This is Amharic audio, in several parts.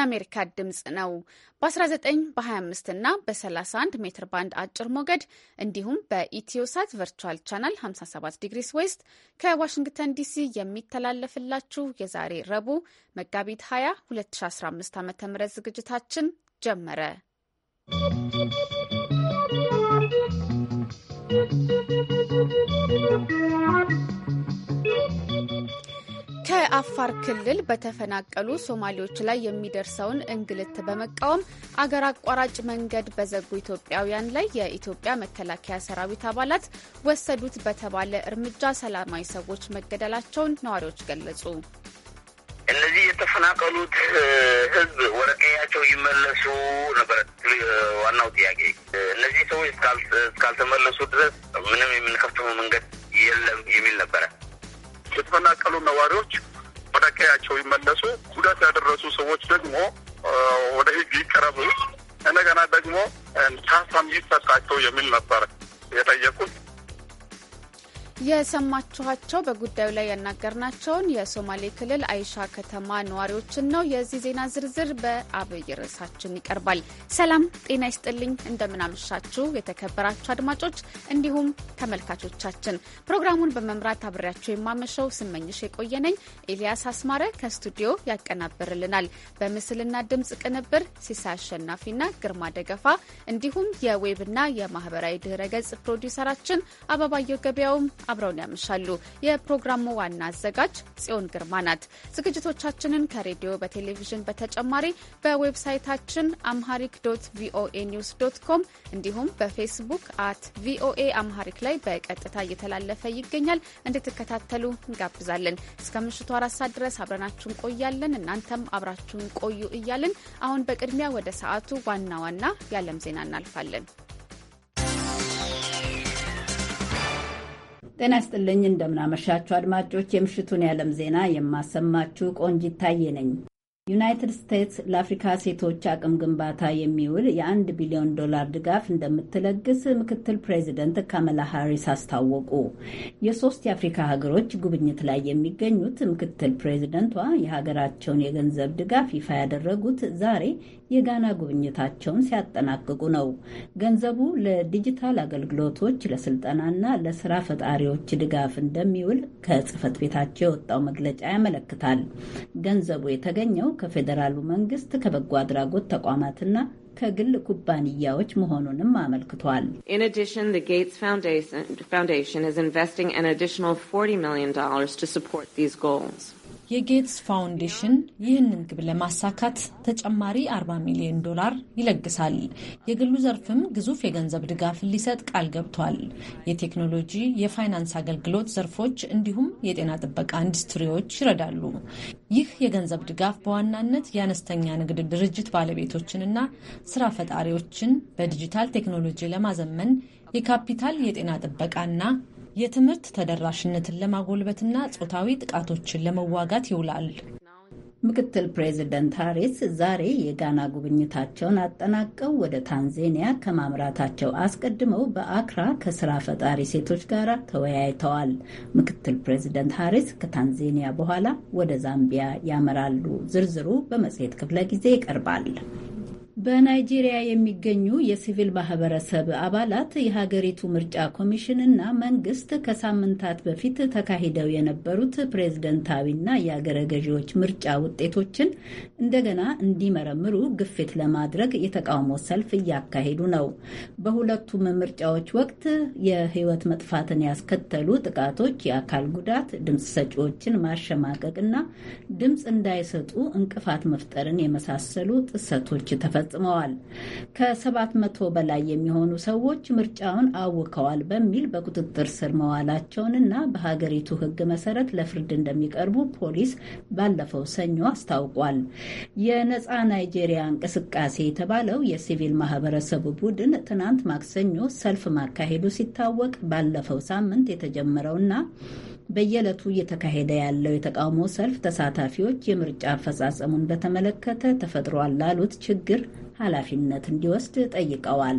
የአሜሪካ ድምፅ ነው። በ19 በ25 እና በ31 ሜትር ባንድ አጭር ሞገድ እንዲሁም በኢትዮሳት ቨርቹዋል ቻናል 57 ዲግሪስ ዌስት ከዋሽንግተን ዲሲ የሚተላለፍላችሁ የዛሬ ረቡዕ መጋቢት 20 2015 ዓ ም ዝግጅታችን ጀመረ። ¶¶ ከአፋር ክልል በተፈናቀሉ ሶማሌዎች ላይ የሚደርሰውን እንግልት በመቃወም አገር አቋራጭ መንገድ በዘጉ ኢትዮጵያውያን ላይ የኢትዮጵያ መከላከያ ሰራዊት አባላት ወሰዱት በተባለ እርምጃ ሰላማዊ ሰዎች መገደላቸውን ነዋሪዎች ገለጹ። እነዚህ የተፈናቀሉት ሕዝብ ወደ ቀያቸው ይመለሱ ነበረ ዋናው ጥያቄ። እነዚህ ሰዎች እስካልተመለሱ ድረስ ምንም የምንከፍተው መንገድ የለም የሚል ነበረ። የተፈናቀሉ ነዋሪዎች ወደ ቀያቸው ይመለሱ፣ ጉዳት ያደረሱ ሰዎች ደግሞ ወደ ህግ ይቀረቡ፣ እንደገና ደግሞ ካሳም ይሰጣቸው የሚል ነበር የጠየቁት። የሰማችኋቸው በጉዳዩ ላይ ያናገርናቸውን የሶማሌ ክልል አይሻ ከተማ ነዋሪዎችን ነው። የዚህ ዜና ዝርዝር በአብይ ርዕሳችን ይቀርባል። ሰላም ጤና ይስጥልኝ፣ እንደምናመሻችሁ የተከበራችሁ አድማጮች እንዲሁም ተመልካቾቻችን። ፕሮግራሙን በመምራት አብሬያቸው የማመሸው ስመኝሽ የቆየነኝ። ኤልያስ አስማረ ከስቱዲዮ ያቀናብርልናል። በምስልና ድምፅ ቅንብር ሲሳ አሸናፊና ግርማ ደገፋ እንዲሁም የዌብና የማህበራዊ ድህረ ገጽ ፕሮዲውሰራችን አበባየው ገበያውም አብረውን ያመሻሉ። የፕሮግራሙ ዋና አዘጋጅ ጽዮን ግርማ ናት። ዝግጅቶቻችንን ከሬዲዮ በቴሌቪዥን በተጨማሪ በዌብሳይታችን አምሃሪክ ዶት ቪኦኤ ኒውስ ዶት ኮም እንዲሁም በፌስቡክ አት ቪኦኤ አምሃሪክ ላይ በቀጥታ እየተላለፈ ይገኛል። እንድትከታተሉ እንጋብዛለን። እስከ ምሽቱ አራት ሰዓት ድረስ አብረናችሁን ቆያለን። እናንተም አብራችሁን ቆዩ እያልን አሁን በቅድሚያ ወደ ሰዓቱ ዋና ዋና የዓለም ዜና እናልፋለን። ጤና ይስጥልኝ እንደምናመሻችሁ አድማጮች፣ የምሽቱን የዓለም ዜና የማሰማችሁ ቆንጅ ይታየ ነኝ። ዩናይትድ ስቴትስ ለአፍሪካ ሴቶች አቅም ግንባታ የሚውል የአንድ ቢሊዮን ዶላር ድጋፍ እንደምትለግስ ምክትል ፕሬዚደንት ካመላ ሃሪስ አስታወቁ። የሶስት የአፍሪካ ሀገሮች ጉብኝት ላይ የሚገኙት ምክትል ፕሬዚደንቷ የሀገራቸውን የገንዘብ ድጋፍ ይፋ ያደረጉት ዛሬ የጋና ጉብኝታቸውን ሲያጠናቅቁ ነው። ገንዘቡ ለዲጂታል አገልግሎቶች፣ ለስልጠናና ለስራ ፈጣሪዎች ድጋፍ እንደሚውል ከጽህፈት ቤታቸው የወጣው መግለጫ ያመለክታል። ገንዘቡ የተገኘው ከፌዴራሉ መንግስት ከበጎ አድራጎት ተቋማትና ከግል ኩባንያዎች መሆኑንም አመልክቷል። ፋውንዴሽን የጌትስ ፋውንዴሽን ይህንን ግብ ለማሳካት ተጨማሪ 40 ሚሊዮን ዶላር ይለግሳል። የግሉ ዘርፍም ግዙፍ የገንዘብ ድጋፍ ሊሰጥ ቃል ገብቷል። የቴክኖሎጂ፣ የፋይናንስ አገልግሎት ዘርፎች እንዲሁም የጤና ጥበቃ ኢንዱስትሪዎች ይረዳሉ። ይህ የገንዘብ ድጋፍ በዋናነት የአነስተኛ ንግድ ድርጅት ባለቤቶችንና ስራ ፈጣሪዎችን በዲጂታል ቴክኖሎጂ ለማዘመን የካፒታል የጤና ጥበቃና የትምህርት ተደራሽነትን ለማጎልበትና ጾታዊ ጥቃቶችን ለመዋጋት ይውላል። ምክትል ፕሬዚደንት ሃሪስ ዛሬ የጋና ጉብኝታቸውን አጠናቀው ወደ ታንዜኒያ ከማምራታቸው አስቀድመው በአክራ ከስራ ፈጣሪ ሴቶች ጋር ተወያይተዋል። ምክትል ፕሬዚደንት ሃሪስ ከታንዜኒያ በኋላ ወደ ዛምቢያ ያመራሉ። ዝርዝሩ በመጽሔት ክፍለ ጊዜ ይቀርባል። በናይጄሪያ የሚገኙ የሲቪል ማህበረሰብ አባላት የሀገሪቱ ምርጫ ኮሚሽን እና መንግስት ከሳምንታት በፊት ተካሂደው የነበሩት ፕሬዝደንታዊና የአገረ ገዢዎች ምርጫ ውጤቶችን እንደገና እንዲመረምሩ ግፊት ለማድረግ የተቃውሞ ሰልፍ እያካሄዱ ነው። በሁለቱም ምርጫዎች ወቅት የህይወት መጥፋትን ያስከተሉ ጥቃቶች፣ የአካል ጉዳት፣ ድምፅ ሰጪዎችን ማሸማቀቅ እና ድምፅ እንዳይሰጡ እንቅፋት መፍጠርን የመሳሰሉ ጥሰቶች ተፈ ፈጽመዋል። ከሰባት መቶ በላይ የሚሆኑ ሰዎች ምርጫውን አውከዋል በሚል በቁጥጥር ስር መዋላቸውንና በሀገሪቱ ሕግ መሰረት ለፍርድ እንደሚቀርቡ ፖሊስ ባለፈው ሰኞ አስታውቋል። የነጻ ናይጄሪያ እንቅስቃሴ የተባለው የሲቪል ማህበረሰቡ ቡድን ትናንት ማክሰኞ ሰልፍ ማካሄዱ ሲታወቅ ባለፈው ሳምንት የተጀመረውና በየዕለቱ እየተካሄደ ያለው የተቃውሞ ሰልፍ ተሳታፊዎች የምርጫ አፈጻጸሙን በተመለከተ ተፈጥሯል ላሉት ችግር ኃላፊነት እንዲወስድ ጠይቀዋል።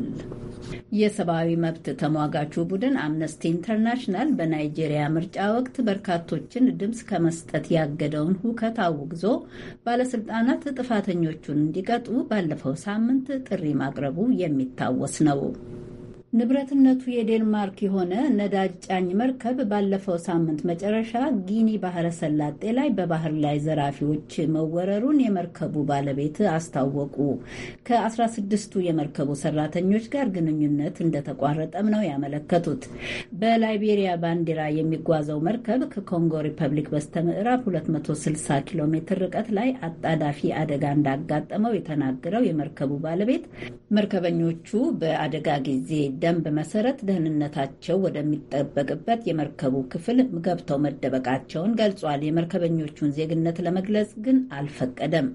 የሰብአዊ መብት ተሟጋቹ ቡድን አምነስቲ ኢንተርናሽናል በናይጄሪያ ምርጫ ወቅት በርካቶችን ድምፅ ከመስጠት ያገደውን ሁከት አውግዞ ባለስልጣናት ጥፋተኞቹን እንዲቀጡ ባለፈው ሳምንት ጥሪ ማቅረቡ የሚታወስ ነው። ንብረትነቱ የዴንማርክ የሆነ ነዳጅ ጫኝ መርከብ ባለፈው ሳምንት መጨረሻ ጊኒ ባህረ ሰላጤ ላይ በባህር ላይ ዘራፊዎች መወረሩን የመርከቡ ባለቤት አስታወቁ። ከ16ቱ የመርከቡ ሰራተኞች ጋር ግንኙነት እንደተቋረጠም ነው ያመለከቱት። በላይቤሪያ ባንዲራ የሚጓዘው መርከብ ከኮንጎ ሪፐብሊክ በስተምዕራብ 260 ኪሎ ሜትር ርቀት ላይ አጣዳፊ አደጋ እንዳጋጠመው የተናገረው የመርከቡ ባለቤት መርከበኞቹ በአደጋ ጊዜ ደንብ መሰረት ደህንነታቸው ወደሚጠበቅበት የመርከቡ ክፍል ገብተው መደበቃቸውን ገልጿል። የመርከበኞቹን ዜግነት ለመግለጽ ግን አልፈቀደም።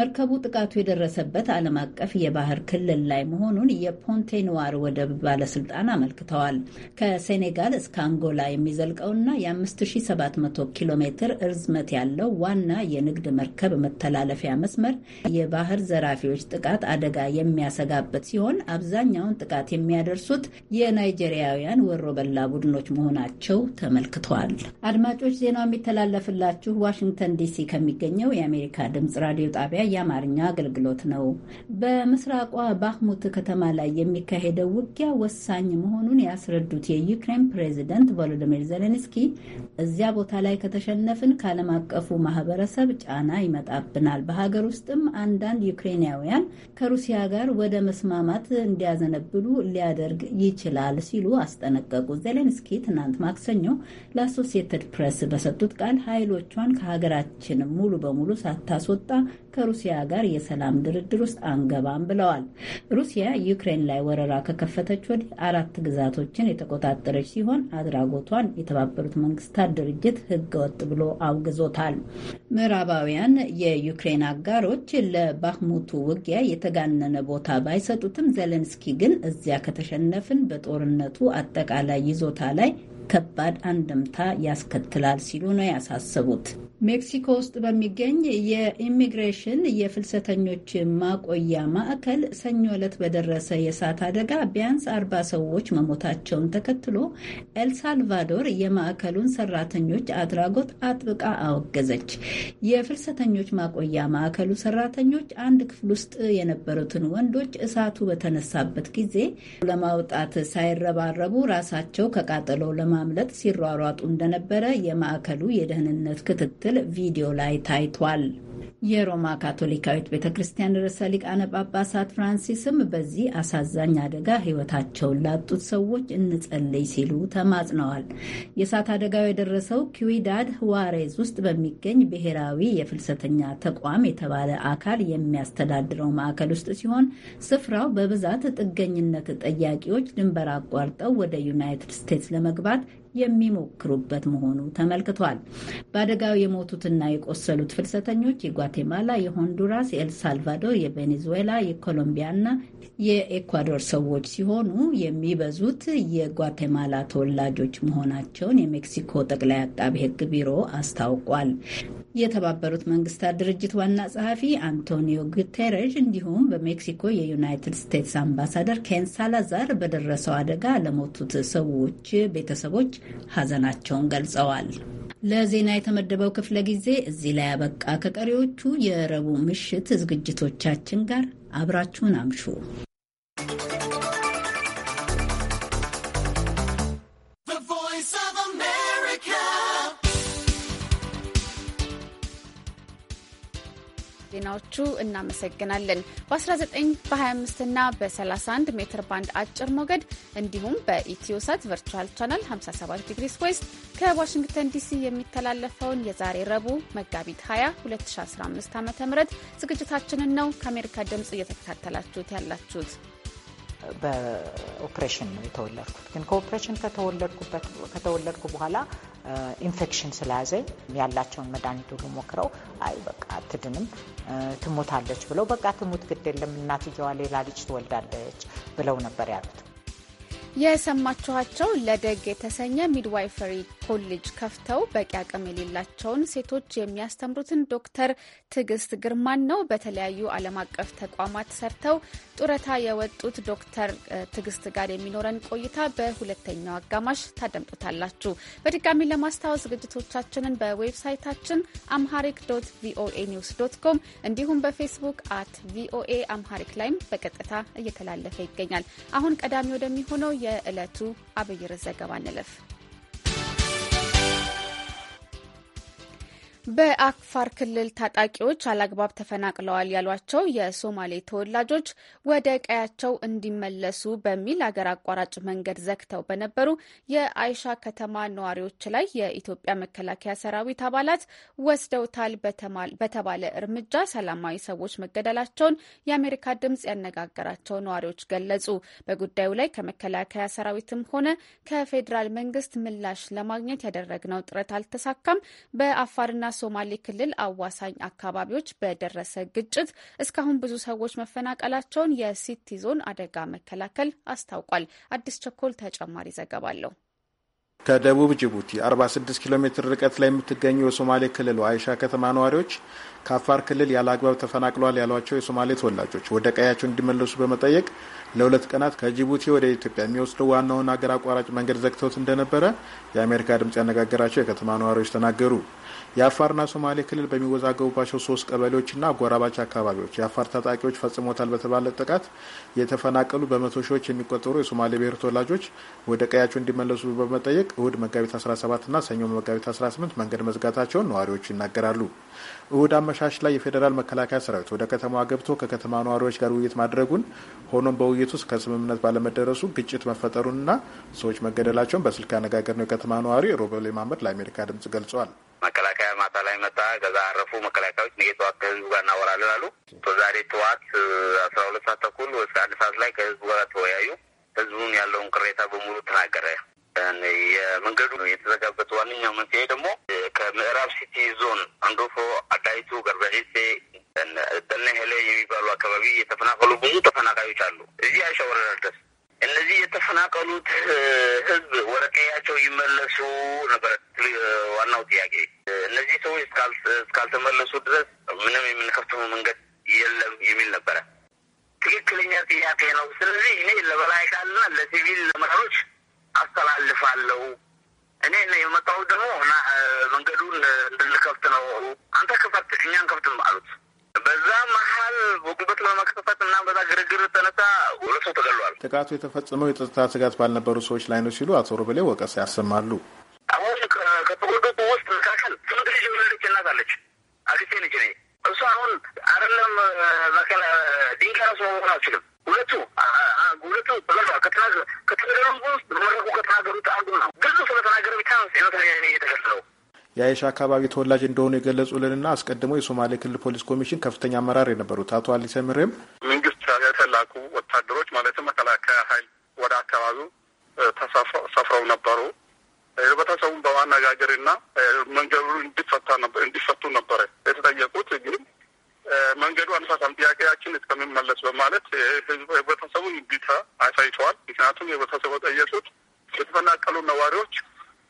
መርከቡ ጥቃቱ የደረሰበት ዓለም አቀፍ የባህር ክልል ላይ መሆኑን የፖንቴንዋር ወደብ ባለስልጣን አመልክተዋል። ከሴኔጋል እስከ አንጎላ የሚዘልቀውና የ5700 ኪሎ ሜትር እርዝመት ያለው ዋና የንግድ መርከብ መተላለፊያ መስመር የባህር ዘራፊዎች ጥቃት አደጋ የሚያሰጋበት ሲሆን አብዛኛውን ጥቃት የሚያደርሱ የተነሱት የናይጄሪያውያን ወሮ በላ ቡድኖች መሆናቸው ተመልክቷል። አድማጮች ዜናው የሚተላለፍላችሁ ዋሽንግተን ዲሲ ከሚገኘው የአሜሪካ ድምጽ ራዲዮ ጣቢያ የአማርኛ አገልግሎት ነው። በምስራቋ ባህሙት ከተማ ላይ የሚካሄደው ውጊያ ወሳኝ መሆኑን ያስረዱት የዩክሬን ፕሬዚደንት ቮሎዲሚር ዜሌንስኪ እዚያ ቦታ ላይ ከተሸነፍን ከዓለም አቀፉ ማህበረሰብ ጫና ይመጣብናል፣ በሀገር ውስጥም አንዳንድ ዩክሬናውያን ከሩሲያ ጋር ወደ መስማማት እንዲያዘነብሉ ሊያደርግ ይችላል ሲሉ አስጠነቀቁ። ዜሌንስኪ ትናንት ማክሰኞ ለአሶሲየትድ ፕሬስ በሰጡት ቃል ኃይሎቿን ከሀገራችን ሙሉ በሙሉ ሳታስወጣ ከሩሲያ ጋር የሰላም ድርድር ውስጥ አንገባም ብለዋል። ሩሲያ ዩክሬን ላይ ወረራ ከከፈተች ወዲህ አራት ግዛቶችን የተቆጣጠረች ሲሆን አድራጎቷን የተባበሩት መንግስታት ድርጅት ህገወጥ ብሎ አውግዞታል። ምዕራባውያን የዩክሬን አጋሮች ለባህሙቱ ውጊያ የተጋነነ ቦታ ባይሰጡትም ዘሌንስኪ ግን እዚያ ከተሸነፍን በጦርነቱ አጠቃላይ ይዞታ ላይ ከባድ አንድምታ ያስከትላል ሲሉ ነው ያሳሰቡት። ሜክሲኮ ውስጥ በሚገኝ የኢሚግሬሽን የፍልሰተኞች ማቆያ ማዕከል ሰኞ ዕለት በደረሰ የእሳት አደጋ ቢያንስ አርባ ሰዎች መሞታቸውን ተከትሎ ኤልሳልቫዶር የማዕከሉን ሰራተኞች አድራጎት አጥብቃ አወገዘች። የፍልሰተኞች ማቆያ ማዕከሉ ሰራተኞች አንድ ክፍል ውስጥ የነበሩትን ወንዶች እሳቱ በተነሳበት ጊዜ ለማውጣት ሳይረባረቡ ራሳቸው ከቃጠሎ ለማምለጥ ሲሯሯጡ እንደነበረ የማዕከሉ የደህንነት ክትትል ሲል ቪዲዮ ላይ ታይቷል። የሮማ ካቶሊካዊት ቤተ ክርስቲያን ርዕሰ ሊቃነ ጳጳሳት ፍራንሲስም በዚህ አሳዛኝ አደጋ ሕይወታቸውን ላጡት ሰዎች እንጸልይ ሲሉ ተማጽነዋል። የእሳት አደጋው የደረሰው ኪዊዳድ ሁዋሬዝ ውስጥ በሚገኝ ብሔራዊ የፍልሰተኛ ተቋም የተባለ አካል የሚያስተዳድረው ማዕከል ውስጥ ሲሆን ስፍራው በብዛት ጥገኝነት ጠያቂዎች ድንበር አቋርጠው ወደ ዩናይትድ ስቴትስ ለመግባት የሚሞክሩበት መሆኑ ተመልክቷል። በአደጋው የሞቱትና የቆሰሉት ፍልሰተኞች የጓቴማላ፣ የሆንዱራስ፣ የኤልሳልቫዶር፣ የቬኔዙዌላ፣ የኮሎምቢያና የኤኳዶር ሰዎች ሲሆኑ የሚበዙት የጓቴማላ ተወላጆች መሆናቸውን የሜክሲኮ ጠቅላይ አቃቢ ሕግ ቢሮ አስታውቋል። የተባበሩት መንግስታት ድርጅት ዋና ጸሐፊ አንቶኒዮ ጉቴሬዥ እንዲሁም በሜክሲኮ የዩናይትድ ስቴትስ አምባሳደር ኬን ሳላዛር በደረሰው አደጋ ለሞቱት ሰዎች ቤተሰቦች ሀዘናቸውን ገልጸዋል። ለዜና የተመደበው ክፍለ ጊዜ እዚህ ላይ አበቃ። ከቀሪዎቹ የረቡዕ ምሽት ዝግጅቶቻችን ጋር አብራችሁን አምሹ። ዜናዎቹ እናመሰግናለን። በ19 በ25 እና በ31 ሜትር ባንድ አጭር ሞገድ እንዲሁም በኢትዮሳት ቨርቹዋል ቻናል 57 ዲግሪ ስዌስት ከዋሽንግተን ዲሲ የሚተላለፈውን የዛሬ ረቡዕ መጋቢት 20 2015 ዓ ም ዝግጅታችንን ነው ከአሜሪካ ድምፅ እየተከታተላችሁት ያላችሁት። በኦፕሬሽን ነው የተወለድኩት። ግን ከኦፕሬሽን ከተወለድኩ በኋላ ኢንፌክሽን ስለያዘኝ ያላቸውን መድኃኒት ሁሉ ሞክረው አይ በቃ አትድንም፣ ትሞታለች ብለው በቃ ትሙት ግድ የለም እናትየዋ ሌላ ልጅ ትወልዳለች ብለው ነበር ያሉት። የሰማችኋቸው ለደግ የተሰኘ ሚድዋይፈሪ ኮሌጅ ከፍተው በቂ አቅም የሌላቸውን ሴቶች የሚያስተምሩትን ዶክተር ትዕግስት ግርማን ነው። በተለያዩ ዓለም አቀፍ ተቋማት ሰርተው ጡረታ የወጡት ዶክተር ትዕግስት ጋር የሚኖረን ቆይታ በሁለተኛው አጋማሽ ታደምጡታላችሁ። በድጋሚ ለማስታወስ ዝግጅቶቻችንን በዌብሳይታችን አምሃሪክ ዶት ቪኦኤ ኒውስ ዶት ኮም እንዲሁም በፌስቡክ አት ቪኦኤ አምሃሪክ ላይም በቀጥታ እየተላለፈ ይገኛል። አሁን ቀዳሚ ወደሚሆነው የዕለቱ አብይር ዘገባ እንለፍ። በአፋር ክልል ታጣቂዎች አላግባብ ተፈናቅለዋል ያሏቸው የሶማሌ ተወላጆች ወደ ቀያቸው እንዲመለሱ በሚል አገር አቋራጭ መንገድ ዘግተው በነበሩ የአይሻ ከተማ ነዋሪዎች ላይ የኢትዮጵያ መከላከያ ሰራዊት አባላት ወስደውታል በተባለ እርምጃ ሰላማዊ ሰዎች መገደላቸውን የአሜሪካ ድምጽ ያነጋገራቸው ነዋሪዎች ገለጹ። በጉዳዩ ላይ ከመከላከያ ሰራዊትም ሆነ ከፌዴራል መንግስት ምላሽ ለማግኘት ያደረግነው ጥረት አልተሳካም። በአፋርና ሶማሌ ክልል አዋሳኝ አካባቢዎች በደረሰ ግጭት እስካሁን ብዙ ሰዎች መፈናቀላቸውን የሲቲ ዞን አደጋ መከላከል አስታውቋል። አዲስ ቸኮል ተጨማሪ ዘገባ አለው። ከደቡብ ጅቡቲ 46 ኪሎ ሜትር ርቀት ላይ የምትገኘው የሶማሌ ክልል አይሻ ከተማ ነዋሪዎች ከአፋር ክልል ያለ አግባብ ተፈናቅለዋል ያሏቸው የሶማሌ ተወላጆች ወደ ቀያቸው እንዲመለሱ በመጠየቅ ለሁለት ቀናት ከጅቡቲ ወደ ኢትዮጵያ የሚወስደው ዋናውን አገር አቋራጭ መንገድ ዘግተውት እንደነበረ የአሜሪካ ድምጽ ያነጋገራቸው የከተማ ነዋሪዎች ተናገሩ። የአፋርና ሶማሌ ክልል በሚወዛገቡባቸው ሶስት ቀበሌዎችና አጎራባች አካባቢዎች የአፋር ታጣቂዎች ፈጽሞታል በተባለ ጥቃት የተፈናቀሉ በመቶ ሺዎች የሚቆጠሩ የሶማሌ ብሔር ተወላጆች ወደ ቀያቸው እንዲመለሱ በመጠየቅ እሁድ መጋቢት 17ና ሰኞ መጋቢት 18 መንገድ መዝጋታቸውን ነዋሪዎቹ ይናገራሉ። እሁድ አመሻሽ ላይ የፌዴራል መከላከያ ሰራዊት ወደ ከተማዋ ገብቶ ከከተማ ነዋሪዎች ጋር ውይይት ማድረጉን፣ ሆኖም በውይይት ውስጥ ከስምምነት ባለመደረሱ ግጭት መፈጠሩንና ሰዎች መገደላቸውን በስልክ ነው የከተማ ነዋሪ ሮበሌ ማመድ ለአሜሪካ ድምጽ ገልጸዋል። መከላከያ ማታ ላይ መጣ። ከዛ አረፉ። መከላከያዎች ነገ ጠዋት ከህዝቡ ጋር እናወራለን አሉ። ዛሬ ጠዋት አስራ ሁለት ሰዓት ተኩል እስከ አንድ ሰዓት ላይ ከህዝቡ ጋር ተወያዩ። ህዝቡን ያለውን ቅሬታ በሙሉ ተናገረ። የመንገዱ የተዘጋበት ዋነኛው መንስኤ ደግሞ ከምዕራብ ሲቲ ዞን አንዶፎ፣ አዳይቱ፣ ገርበሬሴ ጠነ ሄሌ የሚባሉ አካባቢ የተፈናቀሉ ብዙ ተፈናቃዮች አሉ። እዚህ አይሻ ወረዳ ድረስ እነዚህ የተፈናቀሉት ህዝብ ወደ ቀያቸው ይመለሱ ነበረ ዋናው ጥያቄ። እነዚህ ሰዎች እስካልተመለሱ ድረስ ምንም የምንከፍተው መንገድ የለም የሚል ነበረ። ትክክለኛ ጥያቄ ነው። ስለዚህ እኔ ለበላይ ካልና ለሲቪል መራሮች አስተላልፋለሁ። እኔ ነ የመጣው ደግሞ እና መንገዱን እንድንከፍት ነው። አንተ ክፈት፣ እኛን ከፍትም አሉት። በዛ መሀል በጉበት በመክፈት እና በዛ ግርግር ተነሳ ሁለት ሰው ተገሏል። ጥቃቱ የተፈጸመው የጸጥታ ስጋት ባልነበሩ ሰዎች ላይ ነው ሲሉ አቶ ሮበሌ ወቀስ ያሰማሉ። አሁን ከተጎዱት ውስጥ መካከል ስምንት ልጅ የወለደች እናት አለች። አክስቴ ነች። እኔ እሱ አሁን አይደለም መከላ ድንጋይ ራሱ መሆን አልችልም ሁለቱ ሁለቱ ከተናገሩ ውስጥ መረቡ ከተናገሩት አንዱ ነው። ብዙ ስለተናገረ ብቻ ነት የተገለው የአይሻ አካባቢ ተወላጅ እንደሆኑ የገለጹልንና አስቀድሞ የሶማሌ ክልል ፖሊስ ኮሚሽን ከፍተኛ አመራር የነበሩት አቶ አሊ ሰምሬም መንግስት የተላኩ ወታደሮች ማለትም መከላከያ ኃይል ወደ አካባቢው ተሰፍረው ነበሩ። ህብረተሰቡን በማነጋገርና መንገዱ እንዲፈታ እንዲፈቱ ነበረ የተጠየቁት ግን መንገዱ አንፋሳም ጥያቄያችን እስከምንመለስ በማለት ህብረተሰቡ እምቢታ አሳይተዋል። ምክንያቱም የህብረተሰቡ ጠየሱት የተፈናቀሉ ነዋሪዎች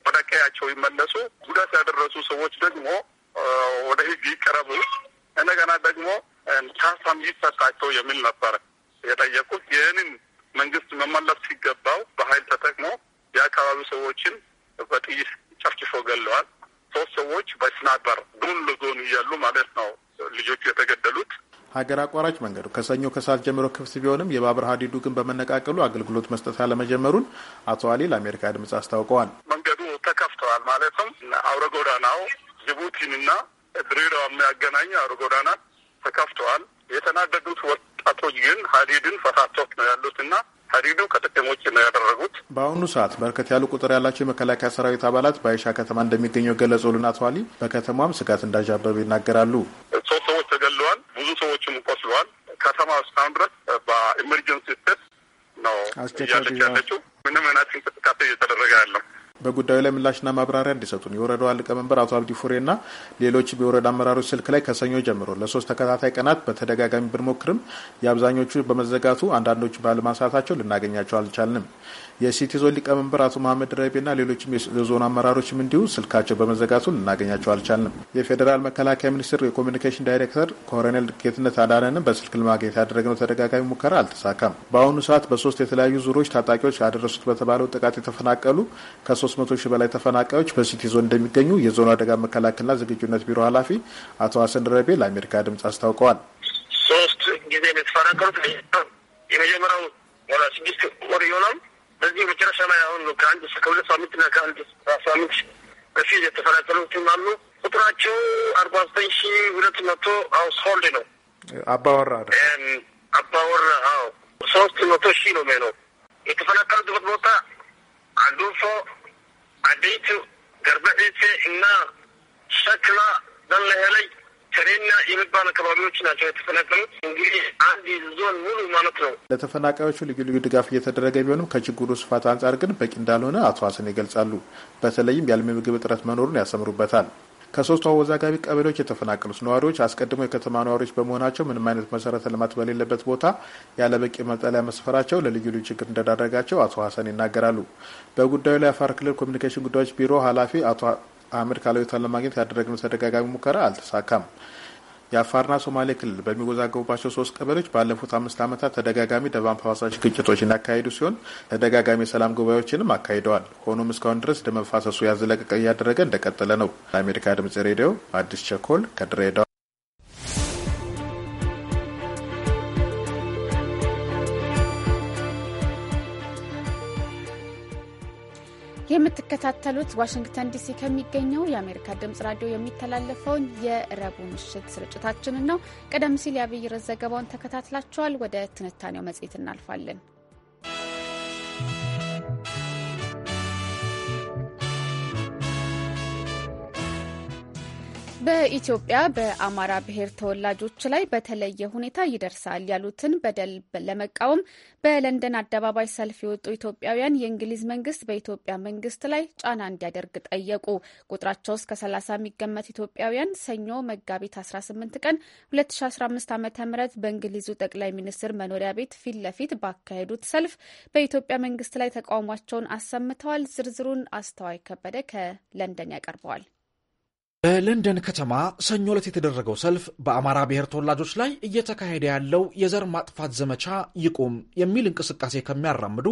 ወደ ቀያቸው ይመለሱ፣ ጉዳት ያደረሱ ሰዎች ደግሞ ወደ ህግ ይቀረቡ፣ እንደገና ደግሞ ካሳም ይሰጣቸው የሚል ነበረ የጠየቁት። ይህንን መንግስት መመለስ ሲገባው በሀይል ተጠቅሞ የአካባቢ ሰዎችን በጥይት ጨፍጭፎ ገለዋል። ሶስት ሰዎች በስናበር ዱን ልጎን እያሉ ማለት ነው ልጆቹ የተገደሉት ሀገር አቋራጭ መንገዱ ከሰኞ ከሰዓት ጀምሮ ክፍት ቢሆንም የባቡር ሀዲዱ ግን በመነቃቀሉ አገልግሎት መስጠት አለመጀመሩን አቶ አሊ ለአሜሪካ ድምጽ አስታውቀዋል። መንገዱ ተከፍተዋል ማለትም አውረ ጎዳናው ጅቡቲንና ድሬዳዋ የሚያገናኝ አውረ ጎዳና ተከፍተዋል። የተናደዱት ወጣቶች ግን ሀዲድን ፈታቶች ነው ያሉት እና ሀዲዱ ከጥቅም ውጭ ነው ያደረጉት። በአሁኑ ሰዓት በርከት ያሉ ቁጥር ያላቸው የመከላከያ ሰራዊት አባላት በአይሻ ከተማ እንደሚገኘው የገለጹልን አቶ አሊ በከተማም ስጋት እንዳዣበበ ይናገራሉ። ሶስት ሰዎች ተገለዋል፣ ብዙ ሰዎችም ቆስለዋል። ከተማ እስካሁን ድረስ በኢመርጀንሲ ስቴት ነው እያለች ያለችው። ምንም አይነት እንቅስቃሴ እየተደረገ ያለው በጉዳዩ ላይ ምላሽና ማብራሪያ እንዲሰጡን የወረዳዋ ሊቀመንበር አቶ አብዲ ፉሬና ሌሎች የወረዳ አመራሮች ስልክ ላይ ከሰኞ ጀምሮ ለሶስት ተከታታይ ቀናት በተደጋጋሚ ብንሞክርም የአብዛኞቹ በመዘጋቱ አንዳንዶቹ ባለማንሳታቸው ልናገኛቸው አልቻልንም። የሲቲ ዞን ሊቀመንበር አቶ መሀመድ ረቤና ሌሎችም የዞን አመራሮችም እንዲሁ ስልካቸው በመዘጋቱ ልናገኛቸው አልቻልንም። የፌዴራል መከላከያ ሚኒስቴር የኮሚኒኬሽን ዳይሬክተር ኮሎኔል ጌትነት አዳነንም በስልክ ለማግኘት ያደረግነው ተደጋጋሚ ሙከራ አልተሳካም። በአሁኑ ሰዓት በሶስት የተለያዩ ዙሮች ታጣቂዎች ያደረሱት በተባለው ጥቃት የተፈናቀሉ ከ300 ሺህ በላይ ተፈናቃዮች በሲቲ ዞን እንደሚገኙ የዞኑ አደጋ መከላከልና ዝግጁነት ቢሮ ኃላፊ አቶ ሀሰን ረቤ ለአሜሪካ ድምጽ አስታውቀዋል። ሶስት ጊዜ የተፈናቀሉት የመጀመሪያው ስድስት ወር ይሆናል በዚህ መጨረሻ ላይ አሁን ከአንድ እስከ ሁለት ና ከአንድ ሳምንት በፊት የተፈናቀሉትም አሉ። ቁጥራቸው አርባ ዘጠኝ ሺ ሁለት መቶ ሀውስሆልድ ነው። አባወራ አባወራ አዎ ሶስት መቶ ሺ ነው ሜ ነው የተፈናቀሉበት ቦታ አዱፎ፣ አዴቱ፣ ገርበዒቴ እና ሸክላ ደለሄለይ ሰሬና የሚባል አካባቢዎች ናቸው የተፈናቀሉት። እንግዲህ አንድ ዞን ሙሉ ማለት ነው። ለተፈናቃዮቹ ልዩ ልዩ ድጋፍ እየተደረገ ቢሆንም ከችግሩ ስፋት አንጻር ግን በቂ እንዳልሆነ አቶ ሀሰን ይገልጻሉ። በተለይም የአልሚ ምግብ እጥረት መኖሩን ያሰምሩበታል። ከሶስቱ አወዛጋቢ ቀበሌዎች የተፈናቀሉት ነዋሪዎች አስቀድሞ የከተማ ነዋሪዎች በመሆናቸው ምንም አይነት መሰረተ ልማት በሌለበት ቦታ ያለበቂ መጠለያ መስፈራቸው ለልዩ ልዩ ችግር እንደዳረጋቸው አቶ ሀሰን ይናገራሉ። በጉዳዩ ላይ አፋር ክልል ኮሚኒኬሽን ጉዳዮች ቢሮ ኃላፊ አቶ አህመድ ካላዊቷን ለማግኘት ያደረግነው ተደጋጋሚ ሙከራ አልተሳካም። የአፋርና ሶማሌ ክልል በሚወዛገቡባቸው ሶስት ቀበሌዎች ባለፉት አምስት ዓመታት ተደጋጋሚ ደባን አፋሳሽ ግጭቶች ያካሄዱ ሲሆን ተደጋጋሚ የሰላም ጉባኤዎችንም አካሂደዋል። ሆኖም እስካሁን ድረስ ደመፋሰሱ መፋሰሱ ያዘለቀቀ እያደረገ እንደቀጠለ ነው። ለአሜሪካ ድምጽ ሬዲዮ አዲስ ቸኮል ከድሬዳዋ የምትከታተሉት ዋሽንግተን ዲሲ ከሚገኘው የአሜሪካ ድምጽ ራዲዮ የሚተላለፈውን የረቡ ምሽት ስርጭታችንን ነው። ቀደም ሲል የአብይ ርዕስ ዘገባውን ተከታትላችኋል። ወደ ትንታኔው መጽሔት እናልፋለን። በኢትዮጵያ በአማራ ብሔር ተወላጆች ላይ በተለየ ሁኔታ ይደርሳል ያሉትን በደል ለመቃወም በለንደን አደባባይ ሰልፍ የወጡ ኢትዮጵያውያን የእንግሊዝ መንግስት በኢትዮጵያ መንግስት ላይ ጫና እንዲያደርግ ጠየቁ። ቁጥራቸው እስከ 30 የሚገመት ኢትዮጵያውያን ሰኞ መጋቢት 18 ቀን 2015 ዓ ም በእንግሊዙ ጠቅላይ ሚኒስትር መኖሪያ ቤት ፊት ለፊት ባካሄዱት ሰልፍ በኢትዮጵያ መንግስት ላይ ተቃውሟቸውን አሰምተዋል። ዝርዝሩን አስተዋይ ከበደ ከለንደን ያቀርበዋል። በለንደን ከተማ ሰኞ ዕለት የተደረገው ሰልፍ በአማራ ብሔር ተወላጆች ላይ እየተካሄደ ያለው የዘር ማጥፋት ዘመቻ ይቁም የሚል እንቅስቃሴ ከሚያራምዱ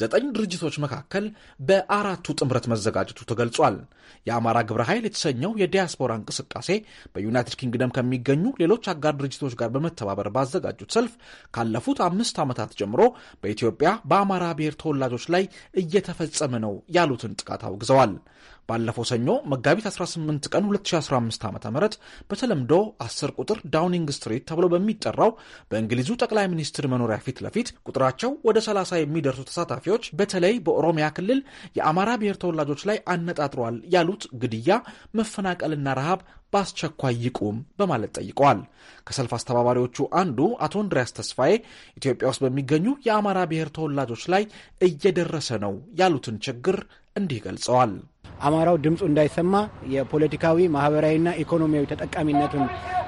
ዘጠኝ ድርጅቶች መካከል በአራቱ ጥምረት መዘጋጀቱ ተገልጿል። የአማራ ግብረ ኃይል የተሰኘው የዲያስፖራ እንቅስቃሴ በዩናይትድ ኪንግደም ከሚገኙ ሌሎች አጋር ድርጅቶች ጋር በመተባበር ባዘጋጁት ሰልፍ ካለፉት አምስት ዓመታት ጀምሮ በኢትዮጵያ በአማራ ብሔር ተወላጆች ላይ እየተፈጸመ ነው ያሉትን ጥቃት አውግዘዋል። ባለፈው ሰኞ መጋቢት 18 ቀን 2015 ዓ ም በተለምዶ 10 ቁጥር ዳውኒንግ ስትሪት ተብሎ በሚጠራው በእንግሊዙ ጠቅላይ ሚኒስትር መኖሪያ ፊት ለፊት ቁጥራቸው ወደ 30 የሚደርሱ ተሳታፊዎች በተለይ በኦሮሚያ ክልል የአማራ ብሔር ተወላጆች ላይ አነጣጥሯል ያሉት ግድያ፣ መፈናቀልና ረሃብ በአስቸኳይ ይቁም በማለት ጠይቀዋል። ከሰልፍ አስተባባሪዎቹ አንዱ አቶ እንድሪያስ ተስፋዬ ኢትዮጵያ ውስጥ በሚገኙ የአማራ ብሔር ተወላጆች ላይ እየደረሰ ነው ያሉትን ችግር እንዲህ ገልጸዋል። አማራው ድምፁ እንዳይሰማ የፖለቲካዊ ማህበራዊና ኢኮኖሚያዊ ተጠቃሚነቱን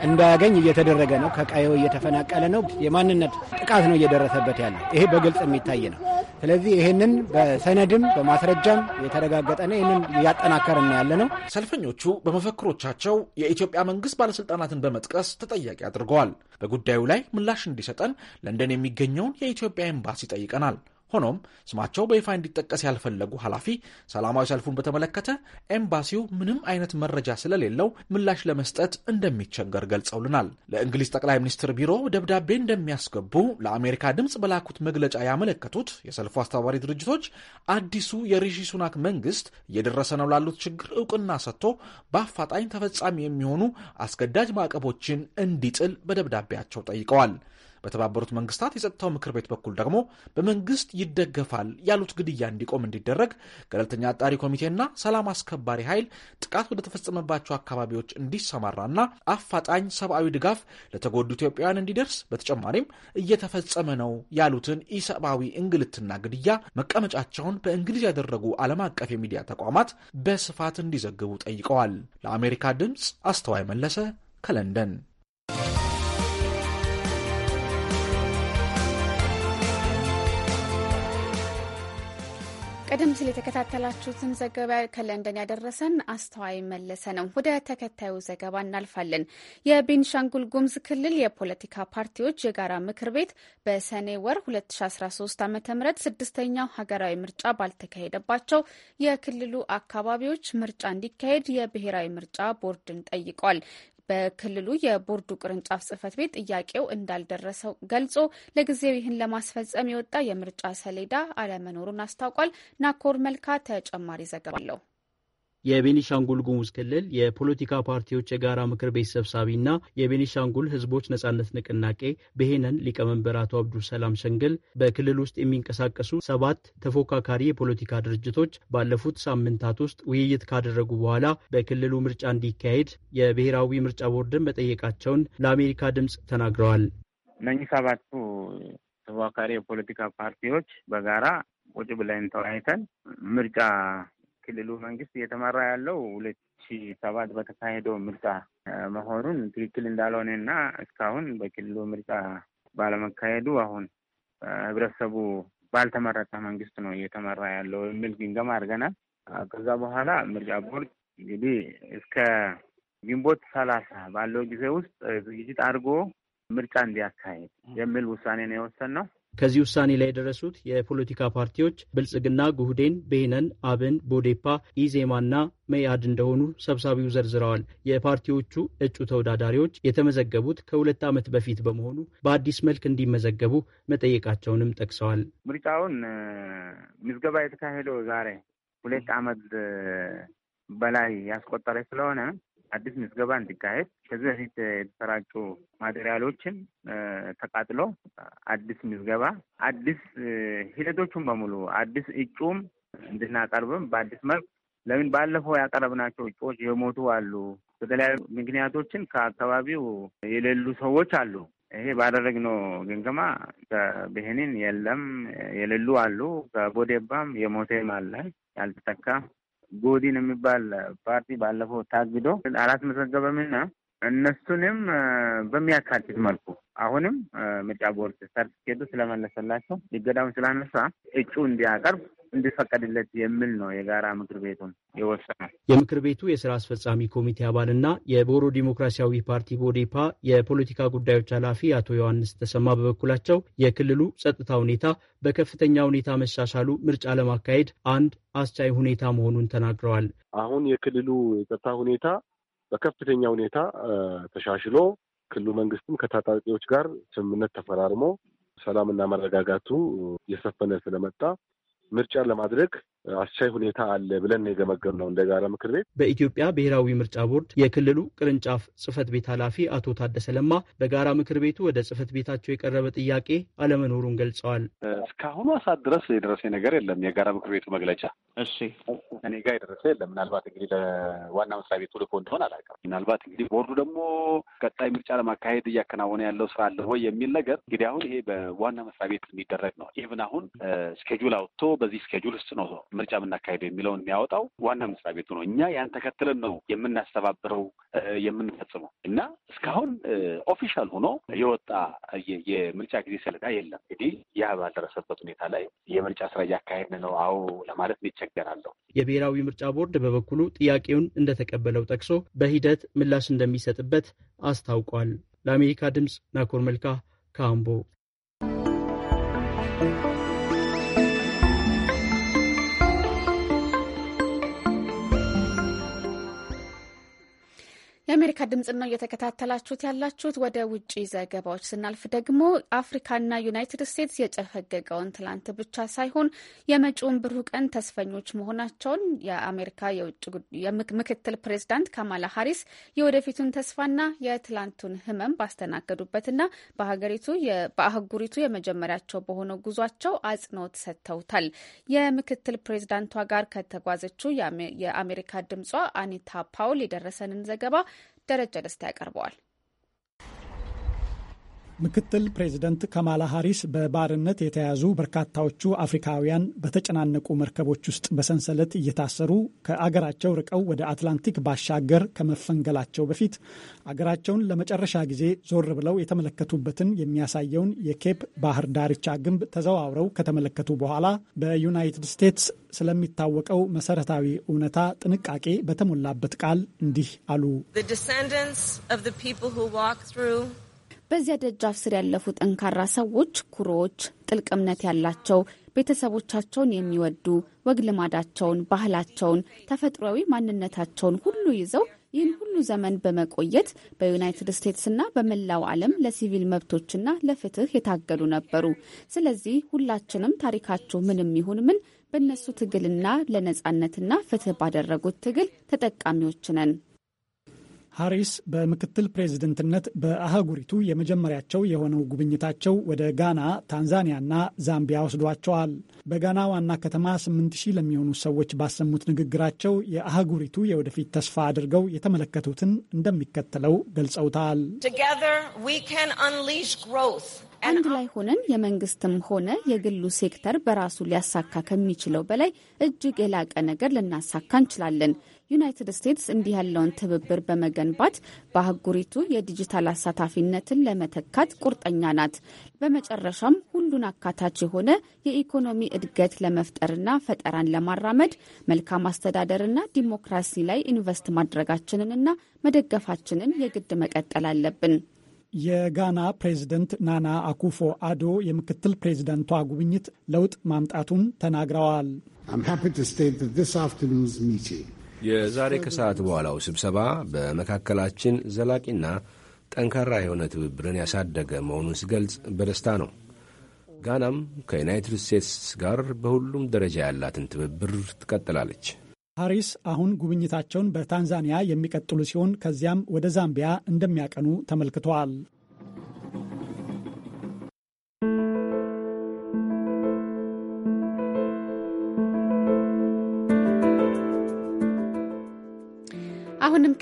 እንዳያገኝ እየተደረገ ነው። ከቀየው እየተፈናቀለ ነው። የማንነት ጥቃት ነው እየደረሰበት ያለ። ይሄ በግልጽ የሚታይ ነው። ስለዚህ ይህንን በሰነድም በማስረጃም የተረጋገጠ ነው። ይህንን እያጠናከርን ያለ ነው። ሰልፈኞቹ በመፈክሮቻቸው የኢትዮጵያ መንግስት ባለስልጣናትን በመጥቀስ ተጠያቂ አድርገዋል። በጉዳዩ ላይ ምላሽ እንዲሰጠን ለንደን የሚገኘውን የኢትዮጵያ ኤምባሲ ጠይቀናል። ሆኖም ስማቸው በይፋ እንዲጠቀስ ያልፈለጉ ኃላፊ ሰላማዊ ሰልፉን በተመለከተ ኤምባሲው ምንም አይነት መረጃ ስለሌለው ምላሽ ለመስጠት እንደሚቸገር ገልጸውልናል። ለእንግሊዝ ጠቅላይ ሚኒስትር ቢሮ ደብዳቤ እንደሚያስገቡ ለአሜሪካ ድምፅ በላኩት መግለጫ ያመለከቱት የሰልፉ አስተባባሪ ድርጅቶች አዲሱ የሪሺ ሱናክ መንግስት እየደረሰ ነው ላሉት ችግር እውቅና ሰጥቶ በአፋጣኝ ተፈጻሚ የሚሆኑ አስገዳጅ ማዕቀቦችን እንዲጥል በደብዳቤያቸው ጠይቀዋል። በተባበሩት መንግስታት የጸጥታው ምክር ቤት በኩል ደግሞ በመንግስት ይደገፋል ያሉት ግድያ እንዲቆም እንዲደረግ ገለልተኛ አጣሪ ኮሚቴና ሰላም አስከባሪ ኃይል ጥቃት ወደተፈጸመባቸው አካባቢዎች እንዲሰማራና አፋጣኝ ሰብአዊ ድጋፍ ለተጎዱ ኢትዮጵያውያን እንዲደርስ በተጨማሪም እየተፈጸመ ነው ያሉትን ኢሰብአዊ እንግልትና ግድያ መቀመጫቸውን በእንግሊዝ ያደረጉ ዓለም አቀፍ የሚዲያ ተቋማት በስፋት እንዲዘግቡ ጠይቀዋል። ለአሜሪካ ድምፅ አስተዋይ መለሰ ከለንደን ቀደም ሲል የተከታተላችሁትን ዘገባ ከለንደን ያደረሰን አስተዋይ መለሰ ነው። ወደ ተከታዩ ዘገባ እናልፋለን። የቤንሻንጉል ጉምዝ ክልል የፖለቲካ ፓርቲዎች የጋራ ምክር ቤት በሰኔ ወር 2013 ዓ ም ስድስተኛው ሀገራዊ ምርጫ ባልተካሄደባቸው የክልሉ አካባቢዎች ምርጫ እንዲካሄድ የብሔራዊ ምርጫ ቦርድን ጠይቋል። በክልሉ የቦርዱ ቅርንጫፍ ጽህፈት ቤት ጥያቄው እንዳልደረሰው ገልጾ ለጊዜው ይህን ለማስፈጸም የወጣ የምርጫ ሰሌዳ አለመኖሩን አስታውቋል። ናኮር መልካ ተጨማሪ ዘገባ አለው። የቤኒሻንጉል ጉሙዝ ክልል የፖለቲካ ፓርቲዎች የጋራ ምክር ቤት ሰብሳቢና የቤኒሻንጉል ህዝቦች ነጻነት ንቅናቄ ብሄነን ሊቀመንበር አቶ አብዱልሰላም ሸንግል በክልል ውስጥ የሚንቀሳቀሱ ሰባት ተፎካካሪ የፖለቲካ ድርጅቶች ባለፉት ሳምንታት ውስጥ ውይይት ካደረጉ በኋላ በክልሉ ምርጫ እንዲካሄድ የብሔራዊ ምርጫ ቦርድን መጠየቃቸውን ለአሜሪካ ድምፅ ተናግረዋል። እነኚህ ሰባቱ ተፎካካሪ የፖለቲካ ፓርቲዎች በጋራ ቁጭ ብለን ተወያይተን ምርጫ ክልሉ መንግስት እየተመራ ያለው ሁለት ሺህ ሰባት በተካሄደው ምርጫ መሆኑን ትክክል እንዳልሆነ እና እስካሁን በክልሉ ምርጫ ባለመካሄዱ አሁን ህብረተሰቡ ባልተመረጠ መንግስት ነው እየተመራ ያለው የሚል ግምገማ አድርገናል። ከዛ በኋላ ምርጫ ቦርድ እንግዲህ እስከ ግንቦት ሰላሳ ባለው ጊዜ ውስጥ ዝግጅት አድርጎ ምርጫ እንዲያካሄድ የሚል ውሳኔ ነው የወሰን ነው። ከዚህ ውሳኔ ላይ የደረሱት የፖለቲካ ፓርቲዎች ብልጽግና፣ ጉህዴን፣ ቤነን፣ አብን፣ ቦዴፓ፣ ኢዜማና መኢአድ እንደሆኑ ሰብሳቢው ዘርዝረዋል። የፓርቲዎቹ እጩ ተወዳዳሪዎች የተመዘገቡት ከሁለት ዓመት በፊት በመሆኑ በአዲስ መልክ እንዲመዘገቡ መጠየቃቸውንም ጠቅሰዋል። ምርጫውን ምዝገባ የተካሄደው ዛሬ ሁለት ዓመት በላይ ያስቆጠረ ስለሆነ አዲስ ምዝገባ እንዲካሄድ ከዚህ በፊት የተሰራጩ ማቴሪያሎችን ተቃጥሎ አዲስ ምዝገባ አዲስ ሂደቶቹን በሙሉ አዲስ እጩም እንድናቀርብም በአዲስ መልክ ለምን ባለፈው ያቀረብናቸው እጩዎች የሞቱ አሉ። በተለያዩ ምክንያቶችን ከአካባቢው የሌሉ ሰዎች አሉ። ይሄ ባደረግነው ግምገማ ከብሄኒን የለም የሌሉ አሉ። ከቦዴባም የሞቴም አለ ያልተተካ ጎዲን የሚባል ፓርቲ ባለፈው ታግዶ አላስመዘገበምና እነሱንም በሚያካትት መልኩ አሁንም ምርጫ ቦርድ ሰርቲፊኬቱ ስለመለሰላቸው እገዳውን ስላነሳ እጩ እንዲያቀርብ እንዲፈቀድለት የሚል ነው የጋራ ምክር ቤቱን የወሰነው። የምክር ቤቱ የስራ አስፈጻሚ ኮሚቴ አባልና የቦሮ ዲሞክራሲያዊ ፓርቲ ቦዴፓ የፖለቲካ ጉዳዮች ኃላፊ አቶ ዮሐንስ ተሰማ በበኩላቸው የክልሉ ጸጥታ ሁኔታ በከፍተኛ ሁኔታ መሻሻሉ ምርጫ ለማካሄድ አንድ አስቻይ ሁኔታ መሆኑን ተናግረዋል። አሁን የክልሉ የጸጥታ ሁኔታ በከፍተኛ ሁኔታ ተሻሽሎ ክልሉ መንግስትም ከታጣቂዎች ጋር ስምምነት ተፈራርሞ ሰላምና መረጋጋቱ እየሰፈነ ስለመጣ ምርጫ ለማድረግ አስቻይ ሁኔታ አለ ብለን የገመገም ነው እንደ ጋራ ምክር ቤት። በኢትዮጵያ ብሔራዊ ምርጫ ቦርድ የክልሉ ቅርንጫፍ ጽህፈት ቤት ኃላፊ አቶ ታደሰ ለማ በጋራ ምክር ቤቱ ወደ ጽህፈት ቤታቸው የቀረበ ጥያቄ አለመኖሩን ገልጸዋል። እስካሁኑ ሰዓት ድረስ የደረሰ ነገር የለም። የጋራ ምክር ቤቱ መግለጫ እሺ፣ እኔ ጋር የደረሰ የለም። ምናልባት እንግዲህ ለዋና መስሪያ ቤቱ ልኮ እንደሆን አላውቅም። ምናልባት እንግዲህ ቦርዱ ደግሞ ቀጣይ ምርጫ ለማካሄድ እያከናወነ ያለው ስራ አለ ወይ የሚል ነገር እንግዲህ አሁን ይሄ በዋና መስሪያ ቤት የሚደረግ ነው። ኢቭን አሁን ስኬጁል አውጥቶ በዚህ ስኬጁል ውስጥ ነው ምርጫ የምናካሄደው የሚለውን የሚያወጣው ዋና መስሪያ ቤቱ ነው። እኛ ያን ተከትለን ነው የምናስተባብረው የምንፈጽመው እና እስካሁን ኦፊሻል ሆኖ የወጣ የምርጫ ጊዜ ሰሌዳ የለም። እንግዲህ ያ ባልደረሰበት ሁኔታ ላይ የምርጫ ስራ እያካሄድን ነው። አዎ ለማለት ይቸገራለሁ። የብሔራዊ ምርጫ ቦርድ በበኩሉ ጥያቄውን እንደተቀበለው ጠቅሶ በሂደት ምላሽ እንደሚሰጥበት አስታውቋል። ለአሜሪካ ድምፅ ናኮር መልካ ካምቦ የአሜሪካ ድምጽ ነው እየተከታተላችሁት ያላችሁት። ወደ ውጭ ዘገባዎች ስናልፍ ደግሞ አፍሪካና ዩናይትድ ስቴትስ የጨፈገገውን ትላንት ብቻ ሳይሆን የመጪውን ብሩህ ቀን ተስፈኞች መሆናቸውን የአሜሪካ ምክትል ፕሬዚዳንት ካማላ ሀሪስ የወደፊቱን ተስፋና የትላንቱን ህመም ባስተናገዱበትና በሀገሪቱ በአህጉሪቱ የመጀመሪያቸው በሆነው ጉዟቸው አጽንኦት ሰጥተውታል። የምክትል ፕሬዚዳንቷ ጋር ከተጓዘችው የአሜሪካ ድምጿ አኒታ ፓውል የደረሰንን ዘገባ ደረጃ ደስታ ያቀርበዋል። ምክትል ፕሬዚደንት ከማላ ሃሪስ በባርነት የተያዙ በርካታዎቹ አፍሪካውያን በተጨናነቁ መርከቦች ውስጥ በሰንሰለት እየታሰሩ ከአገራቸው ርቀው ወደ አትላንቲክ ባሻገር ከመፈንገላቸው በፊት አገራቸውን ለመጨረሻ ጊዜ ዞር ብለው የተመለከቱበትን የሚያሳየውን የኬፕ ባህር ዳርቻ ግንብ ተዘዋውረው ከተመለከቱ በኋላ በዩናይትድ ስቴትስ ስለሚታወቀው መሰረታዊ እውነታ ጥንቃቄ በተሞላበት ቃል እንዲህ አሉ። በዚያ ደጃፍ ስር ያለፉ ጠንካራ ሰዎች ኩሮዎች፣ ጥልቅ እምነት ያላቸው ቤተሰቦቻቸውን የሚወዱ ወግ ልማዳቸውን፣ ባህላቸውን፣ ተፈጥሯዊ ማንነታቸውን ሁሉ ይዘው ይህን ሁሉ ዘመን በመቆየት በዩናይትድ ስቴትስና በመላው ዓለም ለሲቪል መብቶችና ለፍትህ የታገሉ ነበሩ። ስለዚህ ሁላችንም ታሪካችሁ ምንም ይሁን ምን በእነሱ ትግልና ለነጻነትና ፍትህ ባደረጉት ትግል ተጠቃሚዎች ነን። ሃሪስ በምክትል ፕሬዝደንትነት በአህጉሪቱ የመጀመሪያቸው የሆነው ጉብኝታቸው ወደ ጋና፣ ታንዛኒያና ዛምቢያ ወስዷቸዋል። በጋና ዋና ከተማ 8000 ለሚሆኑ ሰዎች ባሰሙት ንግግራቸው የአህጉሪቱ የወደፊት ተስፋ አድርገው የተመለከቱትን እንደሚከተለው ገልጸውታል። አንድ ላይ ሆነን የመንግስትም ሆነ የግሉ ሴክተር በራሱ ሊያሳካ ከሚችለው በላይ እጅግ የላቀ ነገር ልናሳካ እንችላለን። ዩናይትድ ስቴትስ እንዲህ ያለውን ትብብር በመገንባት በአህጉሪቱ የዲጂታል አሳታፊነትን ለመተካት ቁርጠኛ ናት። በመጨረሻም ሁሉን አካታች የሆነ የኢኮኖሚ እድገት ለመፍጠርና ፈጠራን ለማራመድ መልካም አስተዳደርና ዲሞክራሲ ላይ ኢንቨስት ማድረጋችንንና መደገፋችንን የግድ መቀጠል አለብን። የጋና ፕሬዝደንት ናና አኩፎ አዶ የምክትል ፕሬዚደንቷ ጉብኝት ለውጥ ማምጣቱን ተናግረዋል። I'm happy to state that this afternoon's meeting የዛሬ ከሰዓት በኋላው ስብሰባ በመካከላችን ዘላቂና ጠንካራ የሆነ ትብብርን ያሳደገ መሆኑን ሲገልጽ በደስታ ነው። ጋናም ከዩናይትድ ስቴትስ ጋር በሁሉም ደረጃ ያላትን ትብብር ትቀጥላለች። ሐሪስ አሁን ጉብኝታቸውን በታንዛኒያ የሚቀጥሉ ሲሆን ከዚያም ወደ ዛምቢያ እንደሚያቀኑ ተመልክተዋል።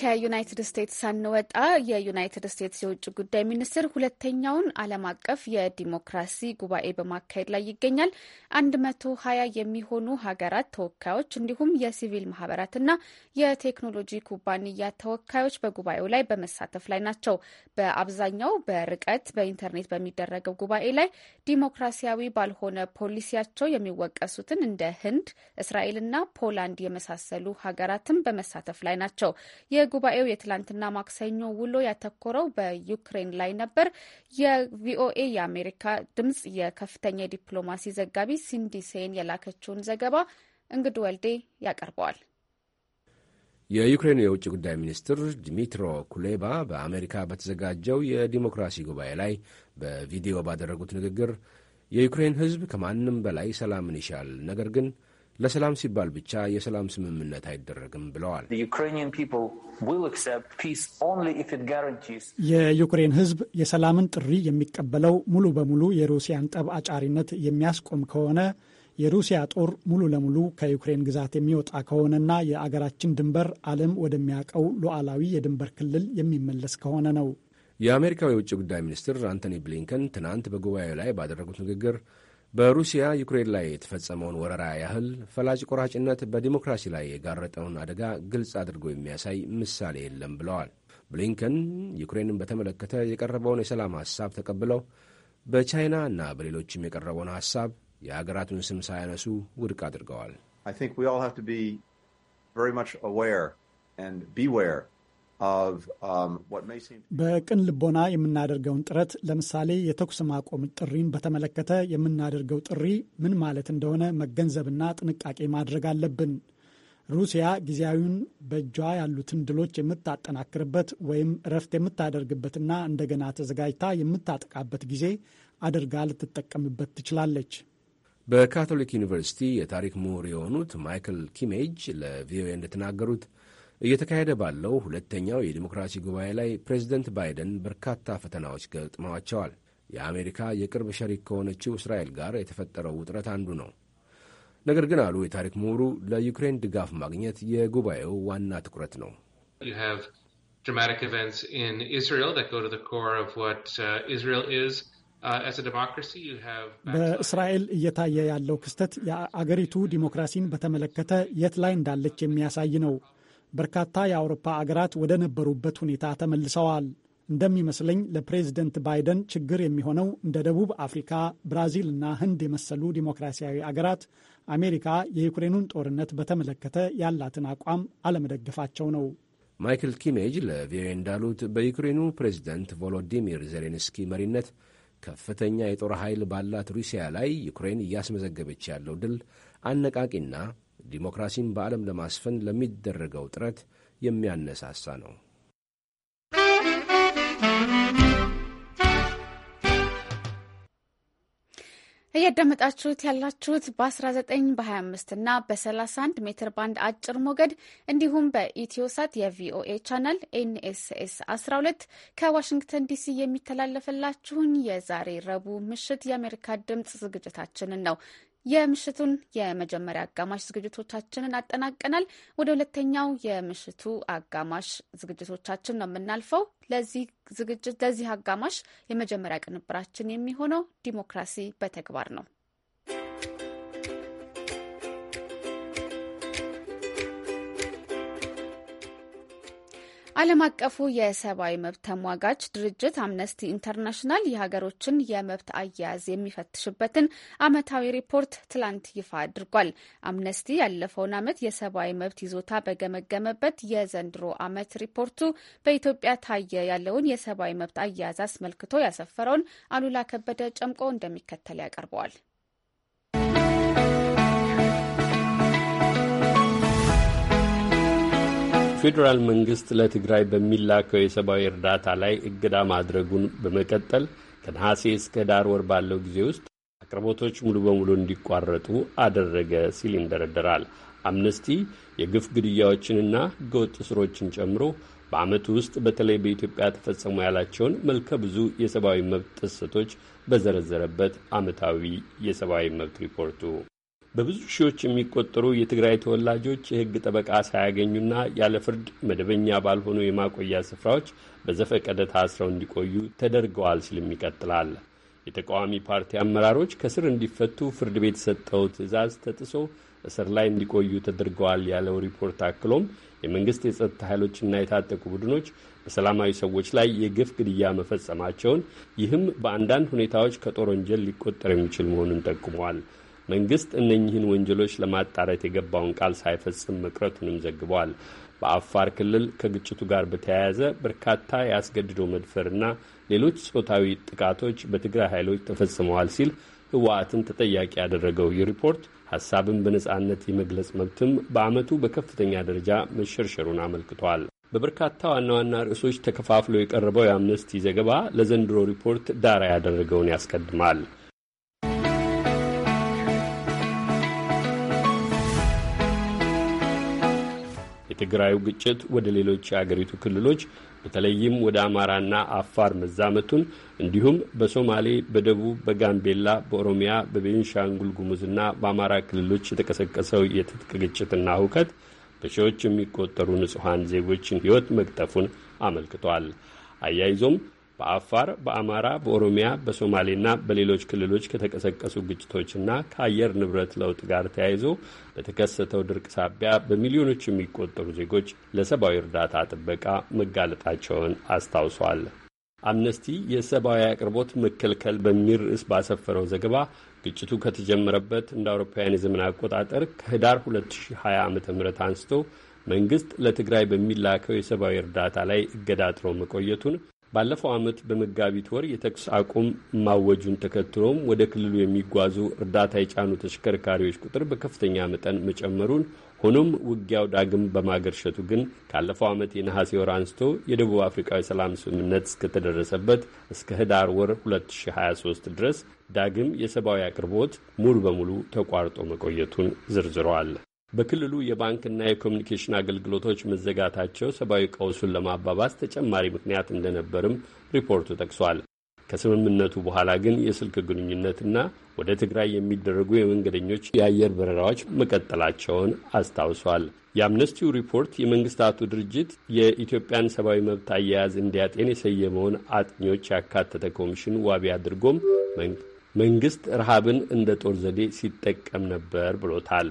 ከዩናይትድ ስቴትስ ሳንወጣ የዩናይትድ ስቴትስ የውጭ ጉዳይ ሚኒስትር ሁለተኛውን ዓለም አቀፍ የዲሞክራሲ ጉባኤ በማካሄድ ላይ ይገኛል። አንድ መቶ ሀያ የሚሆኑ ሀገራት ተወካዮች እንዲሁም የሲቪል ማህበራትና የቴክኖሎጂ ኩባንያ ተወካዮች በጉባኤው ላይ በመሳተፍ ላይ ናቸው። በአብዛኛው በርቀት በኢንተርኔት በሚደረገው ጉባኤ ላይ ዲሞክራሲያዊ ባልሆነ ፖሊሲያቸው የሚወቀሱትን እንደ ህንድ፣ እስራኤልና ፖላንድ የመሳሰሉ ሀገራትም በመሳተፍ ላይ ናቸው። የጉባኤው የትላንትና ማክሰኞ ውሎ ያተኮረው በዩክሬን ላይ ነበር። የቪኦኤ የአሜሪካ ድምጽ የከፍተኛ ዲፕሎማሲ ዘጋቢ ሲንዲ ሴን የላከችውን ዘገባ እንግድ ወልዴ ያቀርበዋል። የዩክሬን የውጭ ጉዳይ ሚኒስትር ድሚትሮ ኩሌባ በአሜሪካ በተዘጋጀው የዲሞክራሲ ጉባኤ ላይ በቪዲዮ ባደረጉት ንግግር የዩክሬን ሕዝብ ከማንም በላይ ሰላምን ይሻል፣ ነገር ግን ለሰላም ሲባል ብቻ የሰላም ስምምነት አይደረግም ብለዋል። የዩክሬን ሕዝብ የሰላምን ጥሪ የሚቀበለው ሙሉ በሙሉ የሩሲያን ጠብ አጫሪነት የሚያስቆም ከሆነ የሩሲያ ጦር ሙሉ ለሙሉ ከዩክሬን ግዛት የሚወጣ ከሆነና የአገራችን ድንበር ዓለም ወደሚያውቀው ሉዓላዊ የድንበር ክልል የሚመለስ ከሆነ ነው። የአሜሪካው የውጭ ጉዳይ ሚኒስትር አንቶኒ ብሊንከን ትናንት በጉባኤው ላይ ባደረጉት ንግግር በሩሲያ ዩክሬን ላይ የተፈጸመውን ወረራ ያህል ፈላጭ ቆራጭነት በዲሞክራሲ ላይ የጋረጠውን አደጋ ግልጽ አድርጎ የሚያሳይ ምሳሌ የለም ብለዋል። ብሊንከን ዩክሬንን በተመለከተ የቀረበውን የሰላም ሐሳብ ተቀብለው በቻይና እና በሌሎችም የቀረበውን ሐሳብ የሀገራቱን ስም ሳያነሱ ውድቅ አድርገዋል። Um, በቅን ልቦና የምናደርገውን ጥረት ለምሳሌ የተኩስ ማቆም ጥሪን በተመለከተ የምናደርገው ጥሪ ምን ማለት እንደሆነ መገንዘብና ጥንቃቄ ማድረግ አለብን። ሩሲያ ጊዜያዊውን በእጇ ያሉትን ድሎች የምታጠናክርበት ወይም እረፍት የምታደርግበትና እንደገና ተዘጋጅታ የምታጠቃበት ጊዜ አድርጋ ልትጠቀምበት ትችላለች። በካቶሊክ ዩኒቨርሲቲ የታሪክ ምሁር የሆኑት ማይክል ኪሜጅ ለቪኦኤ እንደተናገሩት እየተካሄደ ባለው ሁለተኛው የዲሞክራሲ ጉባኤ ላይ ፕሬዚደንት ባይደን በርካታ ፈተናዎች ገጥመዋቸዋል። የአሜሪካ የቅርብ ሸሪክ ከሆነችው እስራኤል ጋር የተፈጠረው ውጥረት አንዱ ነው። ነገር ግን አሉ የታሪክ ምሁሩ፣ ለዩክሬን ድጋፍ ማግኘት የጉባኤው ዋና ትኩረት ነው። uh, uh, በእስራኤል እየታየ ያለው ክስተት የአገሪቱ ዲሞክራሲን በተመለከተ የት ላይ እንዳለች የሚያሳይ ነው። በርካታ የአውሮፓ አገራት ወደ ነበሩበት ሁኔታ ተመልሰዋል። እንደሚመስለኝ ለፕሬዝደንት ባይደን ችግር የሚሆነው እንደ ደቡብ አፍሪካ፣ ብራዚል እና ህንድ የመሰሉ ዲሞክራሲያዊ አገራት አሜሪካ የዩክሬኑን ጦርነት በተመለከተ ያላትን አቋም አለመደገፋቸው ነው። ማይክል ኪሜጅ ለቪኦኤ እንዳሉት በዩክሬኑ ፕሬዚደንት ቮሎዲሚር ዜሌንስኪ መሪነት ከፍተኛ የጦር ኃይል ባላት ሩሲያ ላይ ዩክሬን እያስመዘገበች ያለው ድል አነቃቂና ዲሞክራሲን በዓለም ለማስፈን ለሚደረገው ጥረት የሚያነሳሳ ነው። እያዳመጣችሁት ያላችሁት በ19 በ25 እና በ31 ሜትር ባንድ አጭር ሞገድ እንዲሁም በኢትዮሳት የቪኦኤ ቻናል ኤንኤስኤስ 12 ከዋሽንግተን ዲሲ የሚተላለፍላችሁን የዛሬ ረቡዕ ምሽት የአሜሪካ ድምጽ ዝግጅታችንን ነው የምሽቱን የመጀመሪያ አጋማሽ ዝግጅቶቻችንን አጠናቀናል። ወደ ሁለተኛው የምሽቱ አጋማሽ ዝግጅቶቻችን ነው የምናልፈው። ለዚህ ዝግጅት ለዚህ አጋማሽ የመጀመሪያ ቅንብራችን የሚሆነው ዲሞክራሲ በተግባር ነው። ዓለም አቀፉ የሰብአዊ መብት ተሟጋች ድርጅት አምነስቲ ኢንተርናሽናል የሀገሮችን የመብት አያያዝ የሚፈትሽበትን ዓመታዊ ሪፖርት ትላንት ይፋ አድርጓል። አምነስቲ ያለፈውን ዓመት የሰብአዊ መብት ይዞታ በገመገመበት የዘንድሮ ዓመት ሪፖርቱ በኢትዮጵያ ታየ ያለውን የሰብአዊ መብት አያያዝ አስመልክቶ ያሰፈረውን አሉላ ከበደ ጨምቆ እንደሚከተል ያቀርበዋል። የፌዴራል መንግስት ለትግራይ በሚላከው የሰብአዊ እርዳታ ላይ እገዳ ማድረጉን በመቀጠል ከነሐሴ እስከ ዳር ወር ባለው ጊዜ ውስጥ አቅርቦቶች ሙሉ በሙሉ እንዲቋረጡ አደረገ ሲል ይንደረደራል። አምነስቲ የግፍ ግድያዎችንና ህገወጥ ስሮችን ጨምሮ በዓመቱ ውስጥ በተለይ በኢትዮጵያ ተፈጸሙ ያላቸውን መልከ ብዙ የሰብአዊ መብት ጥሰቶች በዘረዘረበት አመታዊ የሰብአዊ መብት ሪፖርቱ በብዙ ሺዎች የሚቆጠሩ የትግራይ ተወላጆች የህግ ጠበቃ ሳያገኙና ያለ ፍርድ መደበኛ ባልሆኑ የማቆያ ስፍራዎች በዘፈቀደ ታስረው እንዲቆዩ ተደርገዋል ሲልም ይቀጥላል። የተቃዋሚ ፓርቲ አመራሮች ከስር እንዲፈቱ ፍርድ ቤት የሰጠው ትዕዛዝ ተጥሶ እስር ላይ እንዲቆዩ ተደርገዋል ያለው ሪፖርት አክሎም የመንግስት የጸጥታ ኃይሎችና የታጠቁ ቡድኖች በሰላማዊ ሰዎች ላይ የግፍ ግድያ መፈጸማቸውን፣ ይህም በአንዳንድ ሁኔታዎች ከጦር ወንጀል ሊቆጠር የሚችል መሆኑን ጠቁመዋል። መንግስት እነኚህን ወንጀሎች ለማጣረት የገባውን ቃል ሳይፈጽም መቅረቱንም ዘግቧል። በአፋር ክልል ከግጭቱ ጋር በተያያዘ በርካታ የአስገድዶ መድፈርና ሌሎች ጾታዊ ጥቃቶች በትግራይ ኃይሎች ተፈጽመዋል ሲል ህወሓትን ተጠያቂ ያደረገው ይህ ሪፖርት ሀሳብን በነጻነት የመግለጽ መብትም በዓመቱ በከፍተኛ ደረጃ መሸርሸሩን አመልክቷል። በበርካታ ዋና ዋና ርዕሶች ተከፋፍሎ የቀረበው የአምነስቲ ዘገባ ለዘንድሮ ሪፖርት ዳራ ያደረገውን ያስቀድማል። የትግራዩ ግጭት ወደ ሌሎች የአገሪቱ ክልሎች በተለይም ወደ አማራና አፋር መዛመቱን እንዲሁም በሶማሌ፣ በደቡብ፣ በጋምቤላ፣ በኦሮሚያ፣ በቤንሻንጉል ጉሙዝና በአማራ ክልሎች የተቀሰቀሰው የትጥቅ ግጭትና ሁከት በሺዎች የሚቆጠሩ ንጹሐን ዜጎችን ሕይወት መቅጠፉን አመልክቷል። አያይዞም በአፋር፣ በአማራ፣ በኦሮሚያ፣ በሶማሌና በሌሎች ክልሎች ከተቀሰቀሱ ግጭቶችና ከአየር ንብረት ለውጥ ጋር ተያይዞ በተከሰተው ድርቅ ሳቢያ በሚሊዮኖች የሚቆጠሩ ዜጎች ለሰብአዊ እርዳታ ጥበቃ መጋለጣቸውን አስታውሷል። አምነስቲ የሰብአዊ አቅርቦት መከልከል በሚል ርዕስ ባሰፈረው ዘገባ ግጭቱ ከተጀመረበት እንደ አውሮፓውያን የዘመን አቆጣጠር ከህዳር 2020 ዓ ም አንስቶ መንግስት ለትግራይ በሚላከው የሰብአዊ እርዳታ ላይ እገዳ ጥሎ መቆየቱን ባለፈው ዓመት በመጋቢት ወር የተኩስ አቁም ማወጁን ተከትሎም ወደ ክልሉ የሚጓዙ እርዳታ የጫኑ ተሽከርካሪዎች ቁጥር በከፍተኛ መጠን መጨመሩን፣ ሆኖም ውጊያው ዳግም በማገርሸቱ ግን ካለፈው ዓመት የነሐሴ ወር አንስቶ የደቡብ አፍሪካዊ ሰላም ስምምነት እስከተደረሰበት እስከ ህዳር ወር 2023 ድረስ ዳግም የሰብአዊ አቅርቦት ሙሉ በሙሉ ተቋርጦ መቆየቱን ዝርዝረዋል። በክልሉ የባንክና የኮሚኒኬሽን አገልግሎቶች መዘጋታቸው ሰብአዊ ቀውሱን ለማባባስ ተጨማሪ ምክንያት እንደነበርም ሪፖርቱ ጠቅሷል። ከስምምነቱ በኋላ ግን የስልክ ግንኙነትና ወደ ትግራይ የሚደረጉ የመንገደኞች የአየር በረራዎች መቀጠላቸውን አስታውሷል። የአምነስቲው ሪፖርት የመንግስታቱ ድርጅት የኢትዮጵያን ሰብአዊ መብት አያያዝ እንዲያጤን የሰየመውን አጥኚዎች ያካተተ ኮሚሽን ዋቢ አድርጎም መንግስት ረሃብን እንደ ጦር ዘዴ ሲጠቀም ነበር ብሎታል።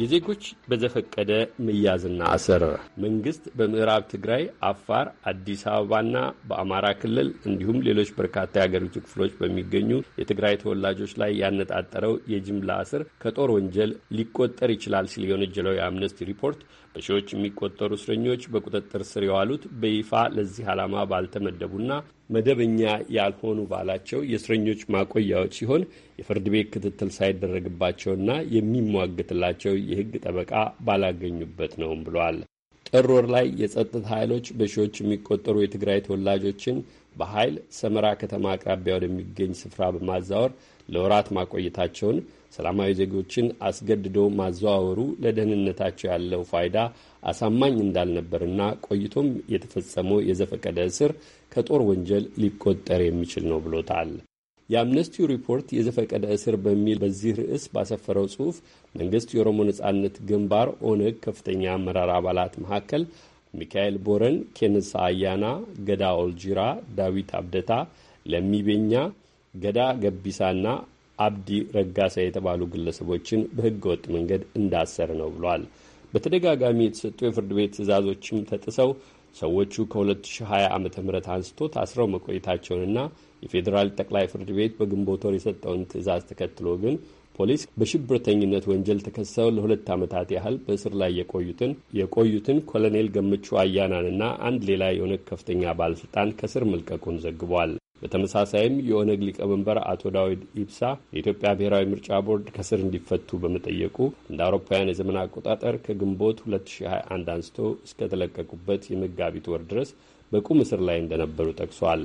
የዜጎች በዘፈቀደ መያዝና አሰር መንግስት በምዕራብ ትግራይ፣ አፋር፣ አዲስ አበባና በአማራ ክልል እንዲሁም ሌሎች በርካታ የሀገሪቱ ክፍሎች በሚገኙ የትግራይ ተወላጆች ላይ ያነጣጠረው የጅምላ እስር ከጦር ወንጀል ሊቆጠር ይችላል ሲል የወነጀለው የአምነስቲ ሪፖርት በሺዎች የሚቆጠሩ እስረኞች በቁጥጥር ስር የዋሉት በይፋ ለዚህ ዓላማ ባልተመደቡና መደበኛ ያልሆኑ ባላቸው የእስረኞች ማቆያዎች ሲሆን የፍርድ ቤት ክትትል ሳይደረግባቸውና የሚሟግትላቸው የሕግ ጠበቃ ባላገኙበት ነውም ብሏል። ጥር ወር ላይ የጸጥታ ኃይሎች በሺዎች የሚቆጠሩ የትግራይ ተወላጆችን በኃይል ሰመራ ከተማ አቅራቢያ ወደሚገኝ ስፍራ በማዛወር ለወራት ማቆየታቸውን ሰላማዊ ዜጎችን አስገድዶ ማዘዋወሩ ለደህንነታቸው ያለው ፋይዳ አሳማኝ እንዳልነበርና ቆይቶም የተፈጸመው የዘፈቀደ እስር ከጦር ወንጀል ሊቆጠር የሚችል ነው ብሎታል። የአምነስቲው ሪፖርት የዘፈቀደ እስር በሚል በዚህ ርዕስ ባሰፈረው ጽሑፍ መንግስት የኦሮሞ ነጻነት ግንባር ኦነግ ከፍተኛ አመራር አባላት መካከል ሚካኤል ቦረን፣ ኬንሳ አያና፣ ገዳ ኦልጂራ፣ ዳዊት አብደታ፣ ለሚቤኛ ገዳ ገቢሳና አብዲ ረጋሳ የተባሉ ግለሰቦችን በህገ ወጥ መንገድ እንዳሰር ነው ብሏል። በተደጋጋሚ የተሰጡ የፍርድ ቤት ትዕዛዞችም ተጥሰው ሰዎቹ ከ2020 ዓ ም አንስቶ ታስረው መቆየታቸውንና የፌዴራል ጠቅላይ ፍርድ ቤት በግንቦት ወር የሰጠውን ትዕዛዝ ተከትሎ ግን ፖሊስ በሽብርተኝነት ወንጀል ተከሰው ለሁለት ዓመታት ያህል በእስር ላይ የቆዩትን የቆዩትን ኮሎኔል ገመቹ አያናንና አንድ ሌላ የሆነ ከፍተኛ ባለሥልጣን ከስር መልቀቁን ዘግቧል። በተመሳሳይም የኦነግ ሊቀመንበር አቶ ዳዊድ ኢብሳ የኢትዮጵያ ብሔራዊ ምርጫ ቦርድ ከስር እንዲፈቱ በመጠየቁ እንደ አውሮፓውያን የዘመን አቆጣጠር ከግንቦት 2021 አንስቶ እስከተለቀቁበት የመጋቢት ወር ድረስ በቁም እስር ላይ እንደነበሩ ጠቅሷል።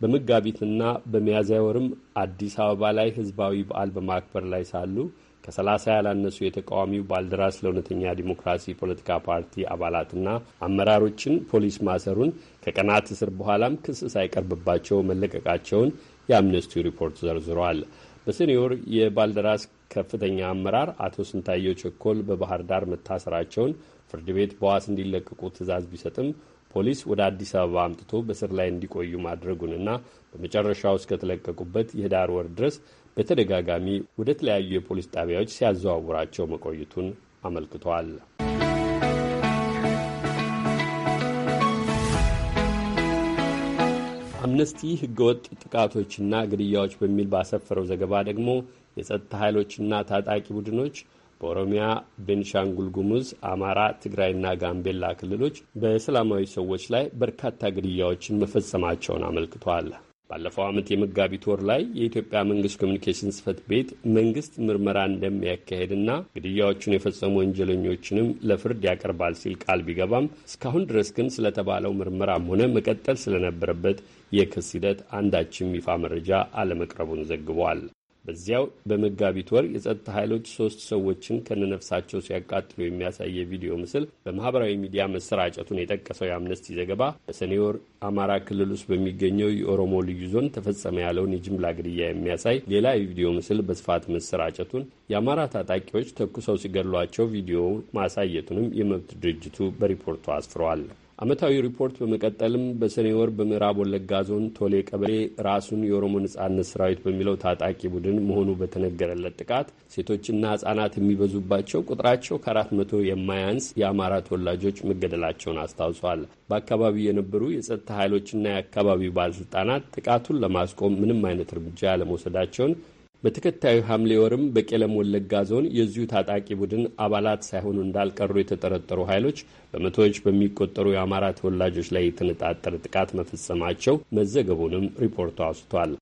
በመጋቢትና በሚያዝያ ወርም አዲስ አበባ ላይ ህዝባዊ በዓል በማክበር ላይ ሳሉ ከሰላሳ ያላነሱ የተቃዋሚው ባልደራስ ለእውነተኛ ዲሞክራሲ ፖለቲካ ፓርቲ አባላትና አመራሮችን ፖሊስ ማሰሩን ከቀናት እስር በኋላም ክስ ሳይቀርብባቸው መለቀቃቸውን የአምነስቲው ሪፖርት ዘርዝሯል። በሲኒዮር የባልደራስ ከፍተኛ አመራር አቶ ስንታየው ቸኮል በባህር ዳር መታሰራቸውን ፍርድ ቤት በዋስ እንዲለቀቁ ትዕዛዝ ቢሰጥም ፖሊስ ወደ አዲስ አበባ አምጥቶ በስር ላይ እንዲቆዩ ማድረጉንና በመጨረሻው እስከተለቀቁበት የህዳር ወር ድረስ በተደጋጋሚ ወደ ተለያዩ የፖሊስ ጣቢያዎች ሲያዘዋውራቸው መቆየቱን አመልክቷል። አምነስቲ ህገወጥ ጥቃቶችና ግድያዎች በሚል ባሰፈረው ዘገባ ደግሞ የጸጥታ ኃይሎችና ታጣቂ ቡድኖች በኦሮሚያ፣ ቤንሻንጉል ጉሙዝ፣ አማራ፣ ትግራይና ጋምቤላ ክልሎች በሰላማዊ ሰዎች ላይ በርካታ ግድያዎችን መፈጸማቸውን አመልክቷል። ባለፈው ዓመት የመጋቢት ወር ላይ የኢትዮጵያ መንግስት ኮሚኒኬሽን ጽህፈት ቤት መንግስት ምርመራ እንደሚያካሄድና ግድያዎቹን የፈጸሙ ወንጀለኞችንም ለፍርድ ያቀርባል ሲል ቃል ቢገባም እስካሁን ድረስ ግን ስለተባለው ምርመራም ሆነ መቀጠል ስለነበረበት የክስ ሂደት አንዳችም ይፋ መረጃ አለመቅረቡን ዘግቧል። በዚያው በመጋቢት ወር የጸጥታ ኃይሎች ሶስት ሰዎችን ከነነፍሳቸው ሲያቃጥሉ የሚያሳይ የቪዲዮ ምስል በማህበራዊ ሚዲያ መሰራጨቱን የጠቀሰው የአምነስቲ ዘገባ በሰኔ ወር አማራ ክልል ውስጥ በሚገኘው የኦሮሞ ልዩ ዞን ተፈጸመ ያለውን የጅምላ ግድያ የሚያሳይ ሌላ የቪዲዮ ምስል በስፋት መሰራጨቱን፣ የአማራ ታጣቂዎች ተኩሰው ሲገድሏቸው ቪዲዮ ማሳየቱንም የመብት ድርጅቱ በሪፖርቱ አስፍሯል። ዓመታዊ ሪፖርት በመቀጠልም በሰኔ ወር በምዕራብ ወለጋ ዞን ቶሌ ቀበሌ ራሱን የኦሮሞ ነጻነት ሰራዊት በሚለው ታጣቂ ቡድን መሆኑ በተነገረለት ጥቃት ሴቶችና ህጻናት የሚበዙባቸው ቁጥራቸው ከአራት መቶ የማያንስ የአማራ ተወላጆች መገደላቸውን አስታውሷል። በአካባቢው የነበሩ የጸጥታ ኃይሎችና የአካባቢው ባለስልጣናት ጥቃቱን ለማስቆም ምንም አይነት እርምጃ ለመውሰዳቸውን በተከታዩ ሐምሌ ወርም በቄለም ወለጋ ዞን የዚሁ ታጣቂ ቡድን አባላት ሳይሆኑ እንዳልቀሩ የተጠረጠሩ ኃይሎች በመቶዎች በሚቆጠሩ የአማራ ተወላጆች ላይ የተነጣጠረ ጥቃት መፈጸማቸው መዘገቡንም ሪፖርቱ አውስቷል።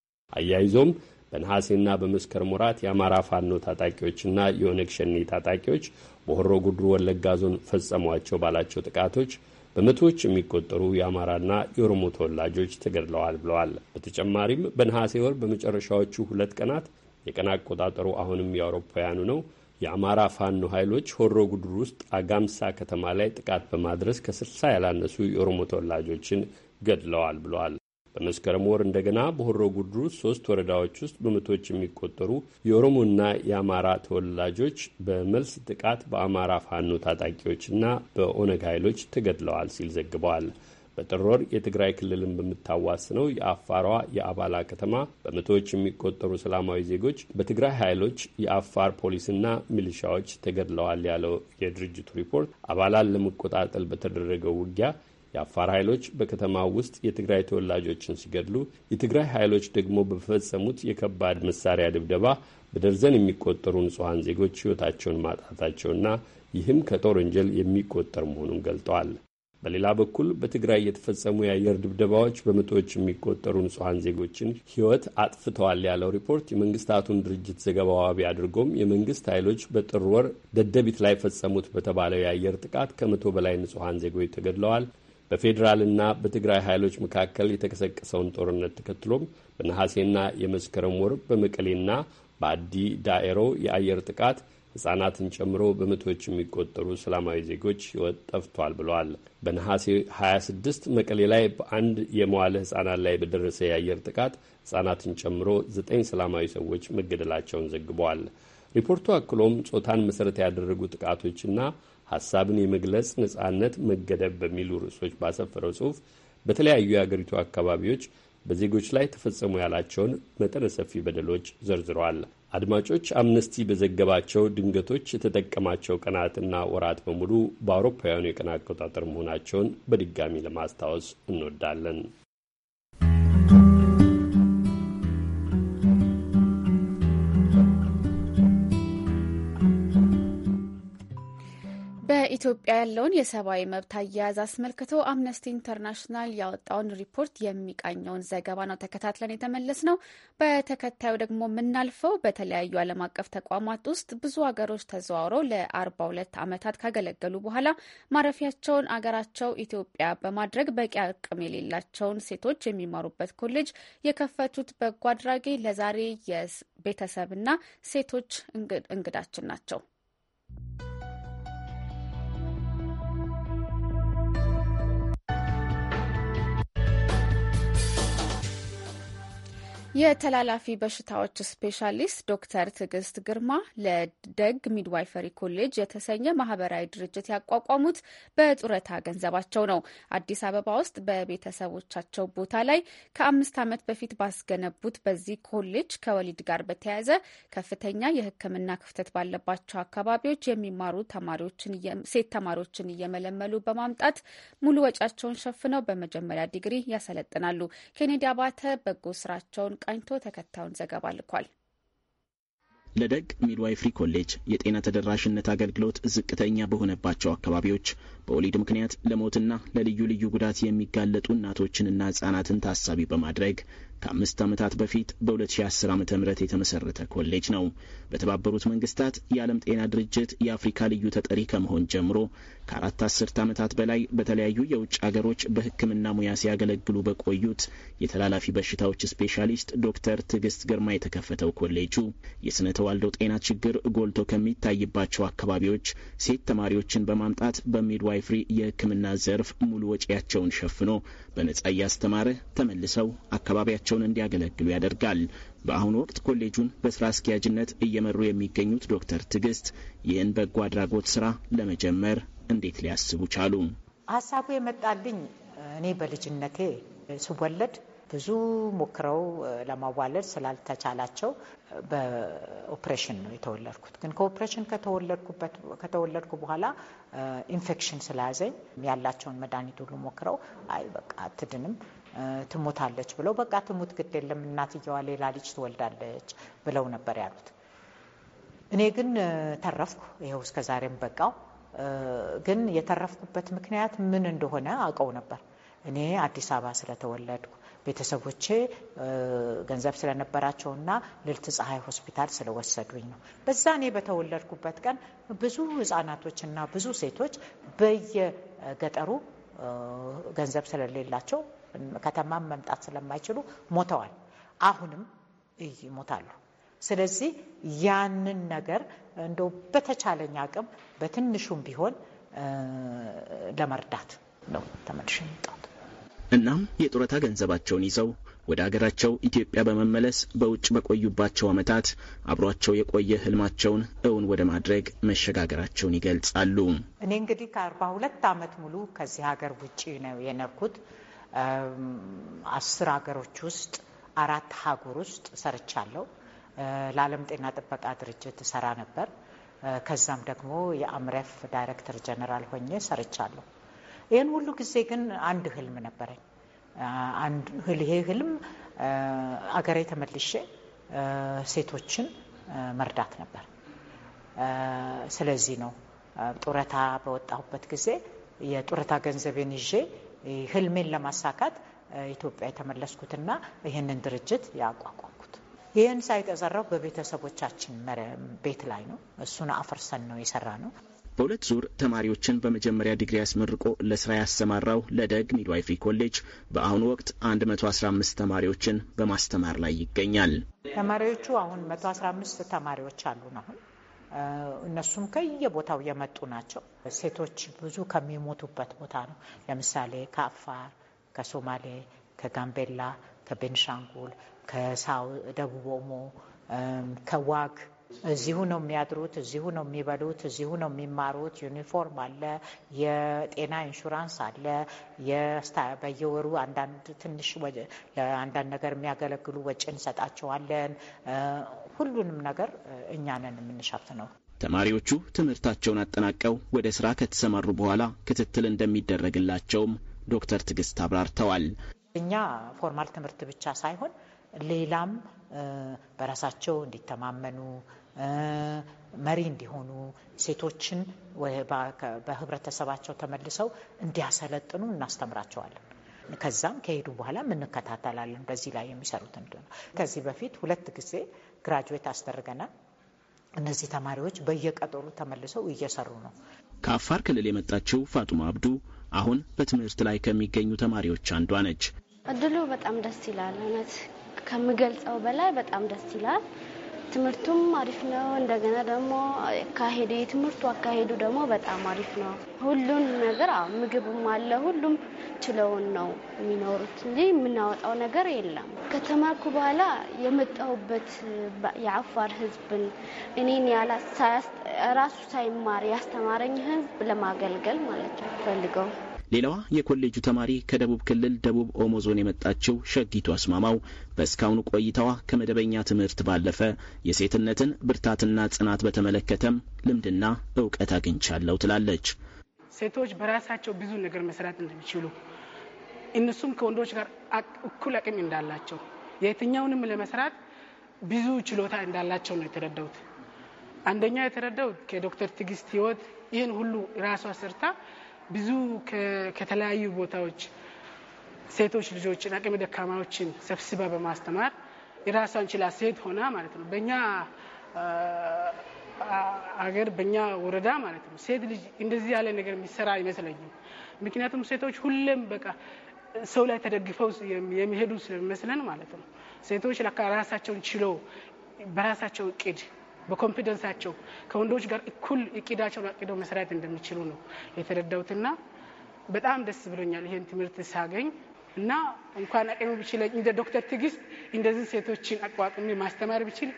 አያይዞም በነሐሴና በመስከረም ወራት የአማራ ፋኖ ታጣቂዎችና የኦነግ ሸኔ ታጣቂዎች በሆሮ ጉድሩ ወለጋ ዞን ፈጸሟቸው ባላቸው ጥቃቶች በመቶዎች የሚቆጠሩ የአማራና የኦሮሞ ተወላጆች ተገድለዋል ብለዋል። በተጨማሪም በነሐሴ ወር በመጨረሻዎቹ ሁለት ቀናት የቀን አቆጣጠሩ አሁንም የአውሮፓውያኑ ነው። የአማራ ፋኖ ኃይሎች ሆሮ ጉድር ውስጥ አጋምሳ ከተማ ላይ ጥቃት በማድረስ ከስልሳ ያላነሱ የኦሮሞ ተወላጆችን ገድለዋል ብለዋል። በመስከረም ወር እንደገና በሆሮ ጉድሩ ሶስት ወረዳዎች ውስጥ በመቶዎች የሚቆጠሩ የኦሮሞና የአማራ ተወላጆች በመልስ ጥቃት በአማራ ፋኖ ታጣቂዎችና በኦነግ ኃይሎች ተገድለዋል ሲል ዘግበዋል። በጥር ወር የትግራይ ክልልን በምታዋስነው የአፋሯ የአባላ ከተማ በመቶዎች የሚቆጠሩ ሰላማዊ ዜጎች በትግራይ ኃይሎች የአፋር ፖሊስና ሚሊሻዎች ተገድለዋል ያለው የድርጅቱ ሪፖርት አባላን ለመቆጣጠል በተደረገው ውጊያ የአፋር ኃይሎች በከተማው ውስጥ የትግራይ ተወላጆችን ሲገድሉ፣ የትግራይ ኃይሎች ደግሞ በፈጸሙት የከባድ መሳሪያ ድብደባ በደርዘን የሚቆጠሩ ንጹሐን ዜጎች ሕይወታቸውን ማጣታቸውና ይህም ከጦር ወንጀል የሚቆጠር መሆኑን ገልጠዋል። በሌላ በኩል በትግራይ የተፈጸሙ የአየር ድብደባዎች በመቶዎች የሚቆጠሩ ንጹሐን ዜጎችን ሕይወት አጥፍተዋል ያለው ሪፖርት የመንግስታቱን ድርጅት ዘገባ ዋቢ አድርጎም የመንግስት ኃይሎች በጥር ወር ደደቢት ላይ ፈጸሙት በተባለው የአየር ጥቃት ከመቶ በላይ ንጹሐን ዜጎች ተገድለዋል። በፌዴራልና በትግራይ ኃይሎች መካከል የተቀሰቀሰውን ጦርነት ተከትሎም በነሐሴና የመስከረም ወር በመቀሌና በአዲ ዳኤሮ የአየር ጥቃት ሕፃናትን ጨምሮ በመቶዎች የሚቆጠሩ ሰላማዊ ዜጎች ሕይወት ጠፍቷል ብለዋል። በነሐሴ 26 መቀሌ ላይ በአንድ የመዋለ ሕፃናት ላይ በደረሰ የአየር ጥቃት ሕፃናትን ጨምሮ ዘጠኝ ሰላማዊ ሰዎች መገደላቸውን ዘግበዋል። ሪፖርቱ አክሎም ጾታን መሠረት ያደረጉ ጥቃቶችና ሀሳብን የመግለጽ ነጻነት መገደብ በሚሉ ርዕሶች ባሰፈረው ጽሑፍ በተለያዩ የአገሪቱ አካባቢዎች በዜጎች ላይ ተፈጸሙ ያላቸውን መጠነ ሰፊ በደሎች ዘርዝረዋል። አድማጮች አምነስቲ በዘገባቸው ድንገቶች የተጠቀማቸው ቀናትና ወራት በሙሉ በአውሮፓውያኑ የቀን አቆጣጠር መሆናቸውን በድጋሚ ለማስታወስ እንወዳለን። በኢትዮጵያ ያለውን የሰብአዊ መብት አያያዝ አስመልክቶ አምነስቲ ኢንተርናሽናል ያወጣውን ሪፖርት የሚቃኘውን ዘገባ ነው ተከታትለን የተመለስ ነው። በተከታዩ ደግሞ የምናልፈው በተለያዩ ዓለም አቀፍ ተቋማት ውስጥ ብዙ ሀገሮች ተዘዋውረው ለአርባ ሁለት ዓመታት ካገለገሉ በኋላ ማረፊያቸውን አገራቸው ኢትዮጵያ በማድረግ በቂ አቅም የሌላቸውን ሴቶች የሚማሩበት ኮሌጅ የከፈቱት በጎ አድራጊ ለዛሬ የቤተሰብና ሴቶች እንግዳችን ናቸው። የተላላፊ በሽታዎች ስፔሻሊስት ዶክተር ትዕግስት ግርማ ለደግ ሚድዋይፈሪ ኮሌጅ የተሰኘ ማህበራዊ ድርጅት ያቋቋሙት በጡረታ ገንዘባቸው ነው። አዲስ አበባ ውስጥ በቤተሰቦቻቸው ቦታ ላይ ከአምስት ዓመት በፊት ባስገነቡት በዚህ ኮሌጅ ከወሊድ ጋር በተያያዘ ከፍተኛ የሕክምና ክፍተት ባለባቸው አካባቢዎች የሚማሩ ተማሪዎችን ሴት ተማሪዎችን እየመለመሉ በማምጣት ሙሉ ወጪያቸውን ሸፍነው በመጀመሪያ ዲግሪ ያሰለጥናሉ። ኬኔዲ አባተ በጎ ስራቸውን ቃኝቶ ተከታዩን ዘገባ ልኳል። ለደቅ ሚድዋይፍሪ ኮሌጅ የጤና ተደራሽነት አገልግሎት ዝቅተኛ በሆነባቸው አካባቢዎች በወሊድ ምክንያት ለሞትና ለልዩ ልዩ ጉዳት የሚጋለጡ እናቶችንና ህጻናትን ታሳቢ በማድረግ ከአምስት ዓመታት በፊት በ2010 ዓ ም የተመሰረተ ኮሌጅ ነው። በተባበሩት መንግስታት የዓለም ጤና ድርጅት የአፍሪካ ልዩ ተጠሪ ከመሆን ጀምሮ ከአራት አስርት ዓመታት በላይ በተለያዩ የውጭ አገሮች በሕክምና ሙያ ሲያገለግሉ በቆዩት የተላላፊ በሽታዎች ስፔሻሊስት ዶክተር ትዕግስት ግርማ የተከፈተው ኮሌጁ የስነ ተዋልዶ ጤና ችግር ጎልቶ ከሚታይባቸው አካባቢዎች ሴት ተማሪዎችን በማምጣት በሚድዋይፍሪ የሕክምና ዘርፍ ሙሉ ወጪያቸውን ሸፍኖ በነጻ እያስተማረ ተመልሰው አካባቢያቸውን እንዲያገለግሉ ያደርጋል። በአሁኑ ወቅት ኮሌጁን በስራ አስኪያጅነት እየመሩ የሚገኙት ዶክተር ትዕግስት ይህን በጎ አድራጎት ስራ ለመጀመር እንዴት ሊያስቡ ቻሉ? ሀሳቡ የመጣልኝ እኔ በልጅነቴ ስወለድ ብዙ ሞክረው ለማዋለድ ስላልተቻላቸው በኦፕሬሽን ነው የተወለድኩት። ግን ከኦፕሬሽን ከተወለድኩ በኋላ ኢንፌክሽን ስለያዘኝ ያላቸውን መድኃኒት ሁሉ ሞክረው አይ በቃ አትድንም ትሞታለች ብለው በቃ ትሙት ግድ የለም እናትየዋ ሌላ ልጅ ትወልዳለች ብለው ነበር ያሉት። እኔ ግን ተረፍኩ። ይኸው እስከዛሬም በቃው። ግን የተረፍኩበት ምክንያት ምን እንደሆነ አውቀው ነበር። እኔ አዲስ አበባ ስለተወለድኩ ቤተሰቦቼ ገንዘብ ስለነበራቸውና ልልት ፀሐይ ሆስፒታል ስለወሰዱኝ ነው። በዛ እኔ በተወለድኩበት ቀን ብዙ ህጻናቶችና ብዙ ሴቶች በየገጠሩ ገንዘብ ስለሌላቸው ከተማም መምጣት ስለማይችሉ ሞተዋል። አሁንም ይሞታሉ። ስለዚህ ያንን ነገር እንደው በተቻለኝ አቅም በትንሹም ቢሆን ለመርዳት ነው ተመልሼ የመጣሁት። እናም የጡረታ ገንዘባቸውን ይዘው ወደ አገራቸው ኢትዮጵያ በመመለስ በውጭ በቆዩባቸው ዓመታት አብሯቸው የቆየ ህልማቸውን እውን ወደ ማድረግ መሸጋገራቸውን ይገልጻሉ። እኔ እንግዲህ ከአርባ ሁለት ዓመት ሙሉ ከዚህ ሀገር ውጭ ነው የነርኩት አስር ሀገሮች ውስጥ አራት ሀገር ውስጥ ሰርቻለሁ። ለዓለም ጤና ጥበቃ ድርጅት እሰራ ነበር። ከዛም ደግሞ የአምረፍ ዳይሬክተር ጀነራል ሆኜ ሰርቻለሁ። ይህን ሁሉ ጊዜ ግን አንድ ህልም ነበረኝ። አንድ ይሄ ህልም አገሬ ተመልሼ ሴቶችን መርዳት ነበር። ስለዚህ ነው ጡረታ በወጣሁበት ጊዜ የጡረታ ገንዘቤን ይዤ ህልሜን ለማሳካት ኢትዮጵያ የተመለስኩትና ይህንን ድርጅት ያቋቋምኩት። ይህን ሳይተሰራው በቤተሰቦቻችን ቤት ላይ ነው። እሱን አፍርሰን ነው የሰራ ነው። በሁለት ዙር ተማሪዎችን በመጀመሪያ ዲግሪ አስመርቆ ለስራ ያሰማራው ለደግ ሚድዋይፍሪ ኮሌጅ በአሁኑ ወቅት 115 ተማሪዎችን በማስተማር ላይ ይገኛል። ተማሪዎቹ አሁን 115 ተማሪዎች አሉ ነው እነሱም ከየቦታው የመጡ ናቸው። ሴቶች ብዙ ከሚሞቱበት ቦታ ነው። ለምሳሌ ከአፋር፣ ከሶማሌ፣ ከጋምቤላ፣ ከቤንሻንጉል፣ ደቡብ ኦሞ፣ ከዋግ እዚሁ ነው የሚያድሩት፣ እዚሁ ነው የሚበሉት፣ እዚሁ ነው የሚማሩት። ዩኒፎርም አለ፣ የጤና ኢንሹራንስ አለ። በየወሩ አንዳንድ ትንሽ ለአንዳንድ ነገር የሚያገለግሉ ወጪ እንሰጣቸዋለን። ሁሉንም ነገር እኛ ነን የምንሸፍነው ነው። ተማሪዎቹ ትምህርታቸውን አጠናቀው ወደ ስራ ከተሰማሩ በኋላ ክትትል እንደሚደረግላቸውም ዶክተር ትግስት አብራርተዋል። እኛ ፎርማል ትምህርት ብቻ ሳይሆን ሌላም በራሳቸው እንዲተማመኑ መሪ እንዲሆኑ ሴቶችን በህብረተሰባቸው ተመልሰው እንዲያሰለጥኑ እናስተምራቸዋለን። ከዛም ከሄዱ በኋላ እንከታተላለን። በዚህ ላይ የሚሰሩት ከዚህ በፊት ሁለት ጊዜ ግራጁዌት አስደርገናል። እነዚህ ተማሪዎች በየቀጠሩ ተመልሰው እየሰሩ ነው። ከአፋር ክልል የመጣችው ፋጡማ አብዱ አሁን በትምህርት ላይ ከሚገኙ ተማሪዎች አንዷ ነች። እድሉ በጣም ደስ ይላል እውነት ከምገልጸው በላይ በጣም ደስ ይላል። ትምህርቱም አሪፍ ነው። እንደገና ደግሞ አካሄዱ የትምህርቱ አካሄዱ ደግሞ በጣም አሪፍ ነው። ሁሉን ነገር ምግብም አለ። ሁሉም ችለውን ነው የሚኖሩት እንጂ የምናወጣው ነገር የለም። ከተማርኩ በኋላ የመጣሁበት የአፋር ሕዝብን እኔን ራሱ ሳይማር ያስተማረኝ ሕዝብ ለማገልገል ማለት ነው ፈልገው ሌላዋ የኮሌጁ ተማሪ ከደቡብ ክልል ደቡብ ኦሞ ዞን የመጣችው ሸጊቱ አስማማው በእስካሁኑ ቆይታዋ ከመደበኛ ትምህርት ባለፈ የሴትነትን ብርታትና ጽናት በተመለከተም ልምድና እውቀት አግኝቻለሁ ትላለች። ሴቶች በራሳቸው ብዙ ነገር መስራት እንደሚችሉ እነሱም ከወንዶች ጋር እኩል አቅም እንዳላቸው የትኛውንም ለመስራት ብዙ ችሎታ እንዳላቸው ነው የተረዳሁት። አንደኛ የተረዳሁት ከዶክተር ትግስት ህይወት ይህን ሁሉ ራሷ ሰርታ ብዙ ከተለያዩ ቦታዎች ሴቶች ልጆችን አቅመ ደካማዎችን ሰብስባ በማስተማር የራሷን ችላ ሴት ሆና ማለት ነው። በእኛ አገር በእኛ ወረዳ ማለት ነው ሴት ልጅ እንደዚህ ያለ ነገር የሚሰራ አይመስለኝም። ምክንያቱም ሴቶች ሁሌም በቃ ሰው ላይ ተደግፈው የሚሄዱ ስለሚመስለን ማለት ነው። ሴቶች ለካ ራሳቸውን ችለው በራሳቸው እቅድ በኮንፊደንሳቸው ከወንዶች ጋር እኩል እቅዳቸውን አቅደው መስራት እንደሚችሉ ነው የተረዳሁትና በጣም ደስ ብሎኛል ይህን ትምህርት ሳገኝ እና እንኳን አቅም ብችለ እንደ ዶክተር ትዕግስት እንደዚህ ሴቶችን አቋቁሜ ማስተማር ብችል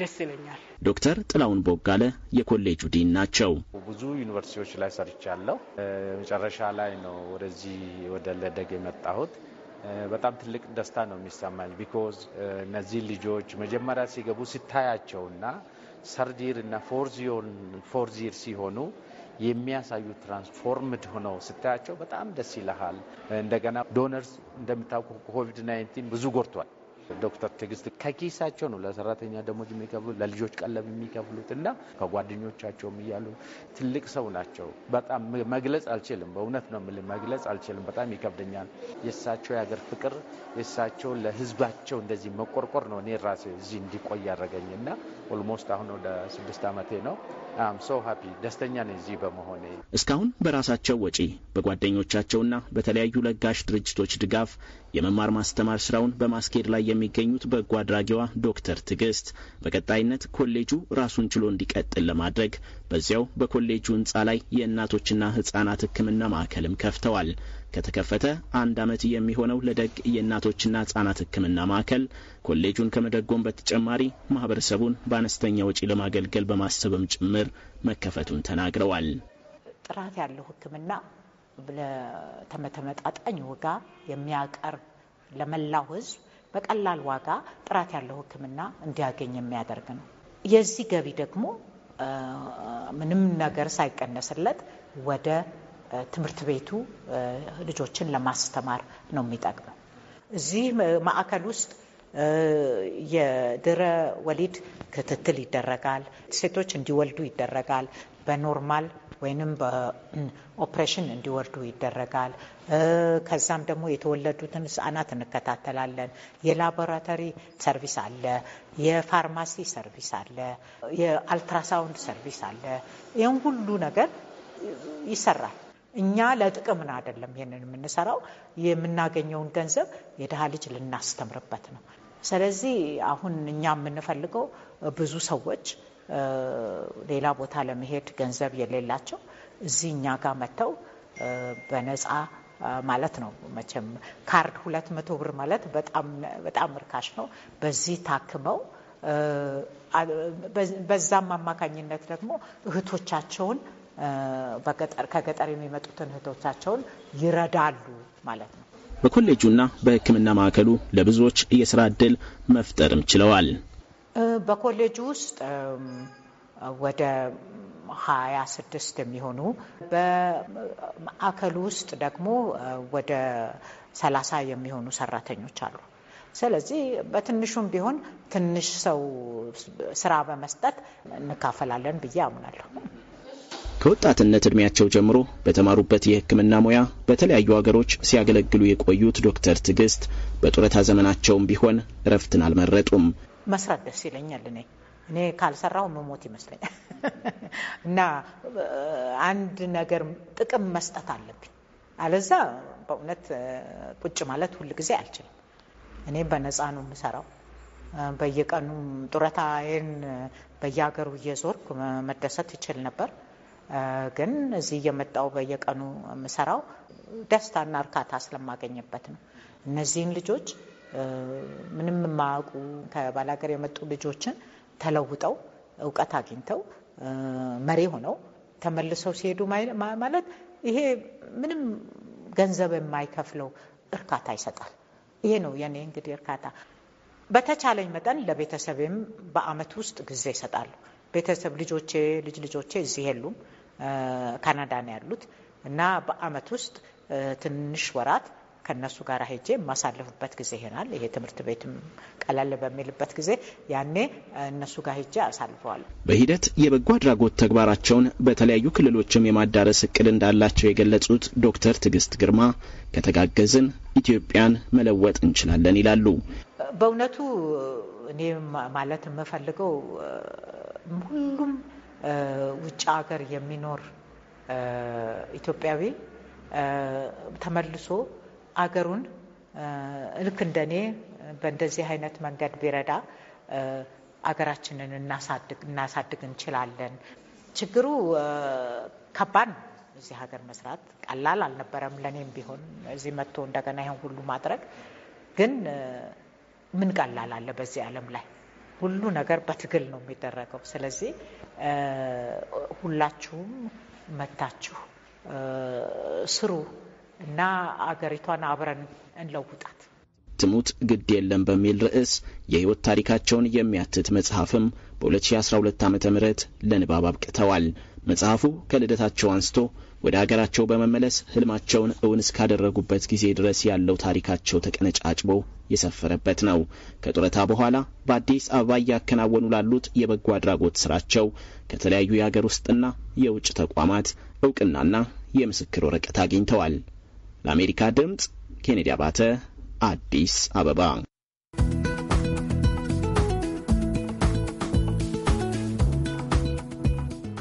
ደስ ይለኛል። ዶክተር ጥላውን ቦጋለ የኮሌጁ ዲን ናቸው። ብዙ ዩኒቨርሲቲዎች ላይ ሰርቻለሁ። መጨረሻ ላይ ነው ወደዚህ ወደ ለደግ የመጣሁት። በጣም ትልቅ ደስታ ነው የሚሰማኝ። ቢኮዝ እነዚህ ልጆች መጀመሪያ ሲገቡ ስታያቸውና ሰርድ ይር እና ፎርዝ ይር ሲሆኑ የሚያሳዩ ትራንስፎርምድ ሆነው ስታያቸው በጣም ደስ ይልሃል። እንደገና ዶነርስ እንደምታውቁ ኮቪድ-19 ብዙ ጎርቷል። ዶክተር ትግስት ከኪሳቸው ነው ለሰራተኛ ደሞዝ የሚከፍሉት ለልጆች ቀለብ የሚከፍሉት እና ከጓደኞቻቸውም እያሉ ትልቅ ሰው ናቸው። በጣም መግለጽ አልችልም። በእውነት ነው የምልህ መግለጽ አልችልም። በጣም ይከብደኛል። የእሳቸው የሀገር ፍቅር የእሳቸው ለህዝባቸው እንደዚህ መቆርቆር ነው እኔ ራሴ እዚህ እንዲቆይ ያደረገኝ እና ኦልሞስት አሁን ወደ ስድስት ዓመቴ ነው። ደስተኛ ነኝ እዚህ በመሆኔ። እስካሁን በራሳቸው ወጪ በጓደኞቻቸውና በተለያዩ ለጋሽ ድርጅቶች ድጋፍ የመማር ማስተማር ስራውን በማስኬድ ላይ የሚገኙት በጎ አድራጊዋ ዶክተር ትዕግስት በቀጣይነት ኮሌጁ ራሱን ችሎ እንዲቀጥል ለማድረግ በዚያው በኮሌጁ ህንፃ ላይ የእናቶችና ህጻናት ሕክምና ማዕከልም ከፍተዋል። ከተከፈተ አንድ ዓመት የሚሆነው ለደግ የእናቶችና ህጻናት ሕክምና ማዕከል ኮሌጁን ከመደጎም በተጨማሪ ማህበረሰቡን በአነስተኛ ወጪ ለማገልገል በማሰብም ጭምር መከፈቱን ተናግረዋል። ጥራት ያለው ሕክምና ለተመተመጣጣኝ ዋጋ የሚያቀርብ ለመላው ህዝብ በቀላል ዋጋ ጥራት ያለው ሕክምና እንዲያገኝ የሚያደርግ ነው። የዚህ ገቢ ደግሞ ምንም ነገር ሳይቀነስለት ወደ ትምህርት ቤቱ ልጆችን ለማስተማር ነው የሚጠቅመው። እዚህ ማዕከል ውስጥ የድረ ወሊድ ክትትል ይደረጋል። ሴቶች እንዲወልዱ ይደረጋል። በኖርማል ወይንም በኦፕሬሽን እንዲወልዱ ይደረጋል። ከዛም ደግሞ የተወለዱትን ህጻናት እንከታተላለን። የላቦራቶሪ ሰርቪስ አለ፣ የፋርማሲ ሰርቪስ አለ፣ የአልትራሳውንድ ሰርቪስ አለ። ይህን ሁሉ ነገር ይሰራል። እኛ ለጥቅምን አይደለም ይህንን የምንሰራው። የምናገኘውን ገንዘብ የድሀ ልጅ ልናስተምርበት ነው። ስለዚህ አሁን እኛ የምንፈልገው ብዙ ሰዎች ሌላ ቦታ ለመሄድ ገንዘብ የሌላቸው እዚህ እኛ ጋር መጥተው በነፃ ማለት ነው። መቼም ካርድ ሁለት መቶ ብር ማለት በጣም እርካሽ ነው። በዚህ ታክመው በዛም አማካኝነት ደግሞ እህቶቻቸውን ከገጠር የሚመጡትን እህቶቻቸውን ይረዳሉ ማለት ነው። በኮሌጁና በሕክምና ማዕከሉ ለብዙዎች የስራ እድል መፍጠርም ችለዋል። በኮሌጁ ውስጥ ወደ ሀያ ስድስት የሚሆኑ በማዕከሉ ውስጥ ደግሞ ወደ ሰላሳ የሚሆኑ ሰራተኞች አሉ። ስለዚህ በትንሹም ቢሆን ትንሽ ሰው ስራ በመስጠት እንካፈላለን ብዬ አምናለሁ። ከወጣትነት ዕድሜያቸው ጀምሮ በተማሩበት የሕክምና ሙያ በተለያዩ ሀገሮች ሲያገለግሉ የቆዩት ዶክተር ትዕግስት በጡረታ ዘመናቸውም ቢሆን እረፍትን አልመረጡም። መስራት ደስ ይለኛል። እኔ እኔ ካልሰራው መሞት ይመስለኛል እና አንድ ነገር ጥቅም መስጠት አለብኝ። አለዛ በእውነት ቁጭ ማለት ሁል ጊዜ አልችልም። እኔ በነፃ ነው የምሰራው። በየቀኑ ጡረታዬን በየሀገሩ እየዞርኩ መደሰት ይችል ነበር። ግን እዚህ እየመጣው በየቀኑ የምሰራው ደስታና እርካታ ስለማገኝበት ነው። እነዚህን ልጆች ምንም የማያውቁ ከባላገር የመጡ ልጆችን ተለውጠው እውቀት አግኝተው መሪ ሆነው ተመልሰው ሲሄዱ ማለት ይሄ ምንም ገንዘብ የማይከፍለው እርካታ ይሰጣል። ይሄ ነው የኔ እንግዲህ እርካታ። በተቻለኝ መጠን ለቤተሰብም በአመት ውስጥ ጊዜ ይሰጣሉ። ቤተሰብ ልጆቼ ልጅ ልጆቼ እዚህ የሉም። ካናዳ ነው ያሉት እና በአመት ውስጥ ትንሽ ወራት ከነሱ ጋር ሄጄ የማሳልፍበት ጊዜ ይሆናል። ይሄ ትምህርት ቤትም ቀለል በሚልበት ጊዜ ያኔ እነሱ ጋር ሄጄ አሳልፈዋል። በሂደት የበጎ አድራጎት ተግባራቸውን በተለያዩ ክልሎችም የማዳረስ እቅድ እንዳላቸው የገለጹት ዶክተር ትዕግስት ግርማ ከተጋገዝን ኢትዮጵያን መለወጥ እንችላለን ይላሉ። በእውነቱ እኔ ማለት የምፈልገው ሁሉም ውጭ ሀገር የሚኖር ኢትዮጵያዊ ተመልሶ አገሩን ልክ እንደኔ በእንደዚህ አይነት መንገድ ቢረዳ አገራችንን እናሳድግ እንችላለን። ችግሩ ከባድ ነው። እዚህ ሀገር መስራት ቀላል አልነበረም ለእኔም ቢሆን እዚህ መጥቶ እንደገና ይህን ሁሉ ማድረግ ግን ምን ቀላል አለ በዚህ ዓለም ላይ? ሁሉ ነገር በትግል ነው የሚደረገው። ስለዚህ ሁላችሁም መታችሁ ስሩ እና አገሪቷን አብረን እንለውጣት። ትሙት ግድ የለም በሚል ርዕስ የህይወት ታሪካቸውን የሚያትት መጽሐፍም በ2012 ዓ ም ለንባብ አብቅተዋል። መጽሐፉ ከልደታቸው አንስቶ ወደ አገራቸው በመመለስ ህልማቸውን እውን እስካደረጉበት ጊዜ ድረስ ያለው ታሪካቸው ተቀነጫጭቦ የሰፈረበት ነው። ከጡረታ በኋላ በአዲስ አበባ እያከናወኑ ላሉት የበጎ አድራጎት ስራቸው ከተለያዩ የአገር ውስጥና የውጭ ተቋማት እውቅናና የምስክር ወረቀት አግኝተዋል። ለአሜሪካ ድምፅ ኬኔዲ አባተ አዲስ አበባ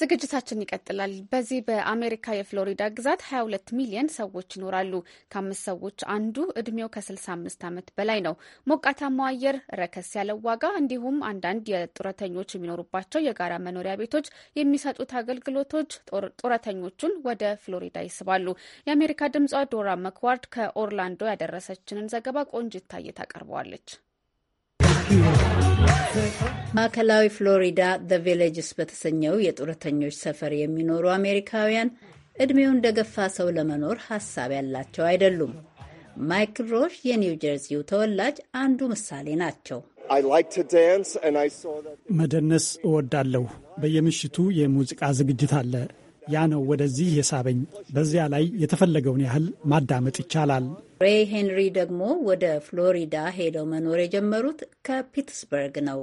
ዝግጅታችን ይቀጥላል። በዚህ በአሜሪካ የፍሎሪዳ ግዛት 22 ሚሊዮን ሰዎች ይኖራሉ። ከአምስት ሰዎች አንዱ እድሜው ከ65 ዓመት በላይ ነው። ሞቃታማው አየር፣ ረከስ ያለው ዋጋ እንዲሁም አንዳንድ የጡረተኞች የሚኖሩባቸው የጋራ መኖሪያ ቤቶች የሚሰጡት አገልግሎቶች ጡረተኞቹን ወደ ፍሎሪዳ ይስባሉ። የአሜሪካ ድምጿ ዶራ መክዋርድ ከኦርላንዶ ያደረሰችንን ዘገባ ቆንጅት ታቀርበዋለች። ማዕከላዊ ፍሎሪዳ ዘ ቪሌጅስ በተሰኘው የጡረተኞች ሰፈር የሚኖሩ አሜሪካውያን እድሜው እንደገፋ ሰው ለመኖር ሀሳብ ያላቸው አይደሉም። ማይክል ሮሽ የኒው ጀርዚው ተወላጅ አንዱ ምሳሌ ናቸው። መደነስ እወዳለሁ። በየምሽቱ የሙዚቃ ዝግጅት አለ። ያ ነው ወደዚህ የሳበኝ። በዚያ ላይ የተፈለገውን ያህል ማዳመጥ ይቻላል። ሬይ ሄንሪ ደግሞ ወደ ፍሎሪዳ ሄደው መኖር የጀመሩት ከፒትስበርግ ነው።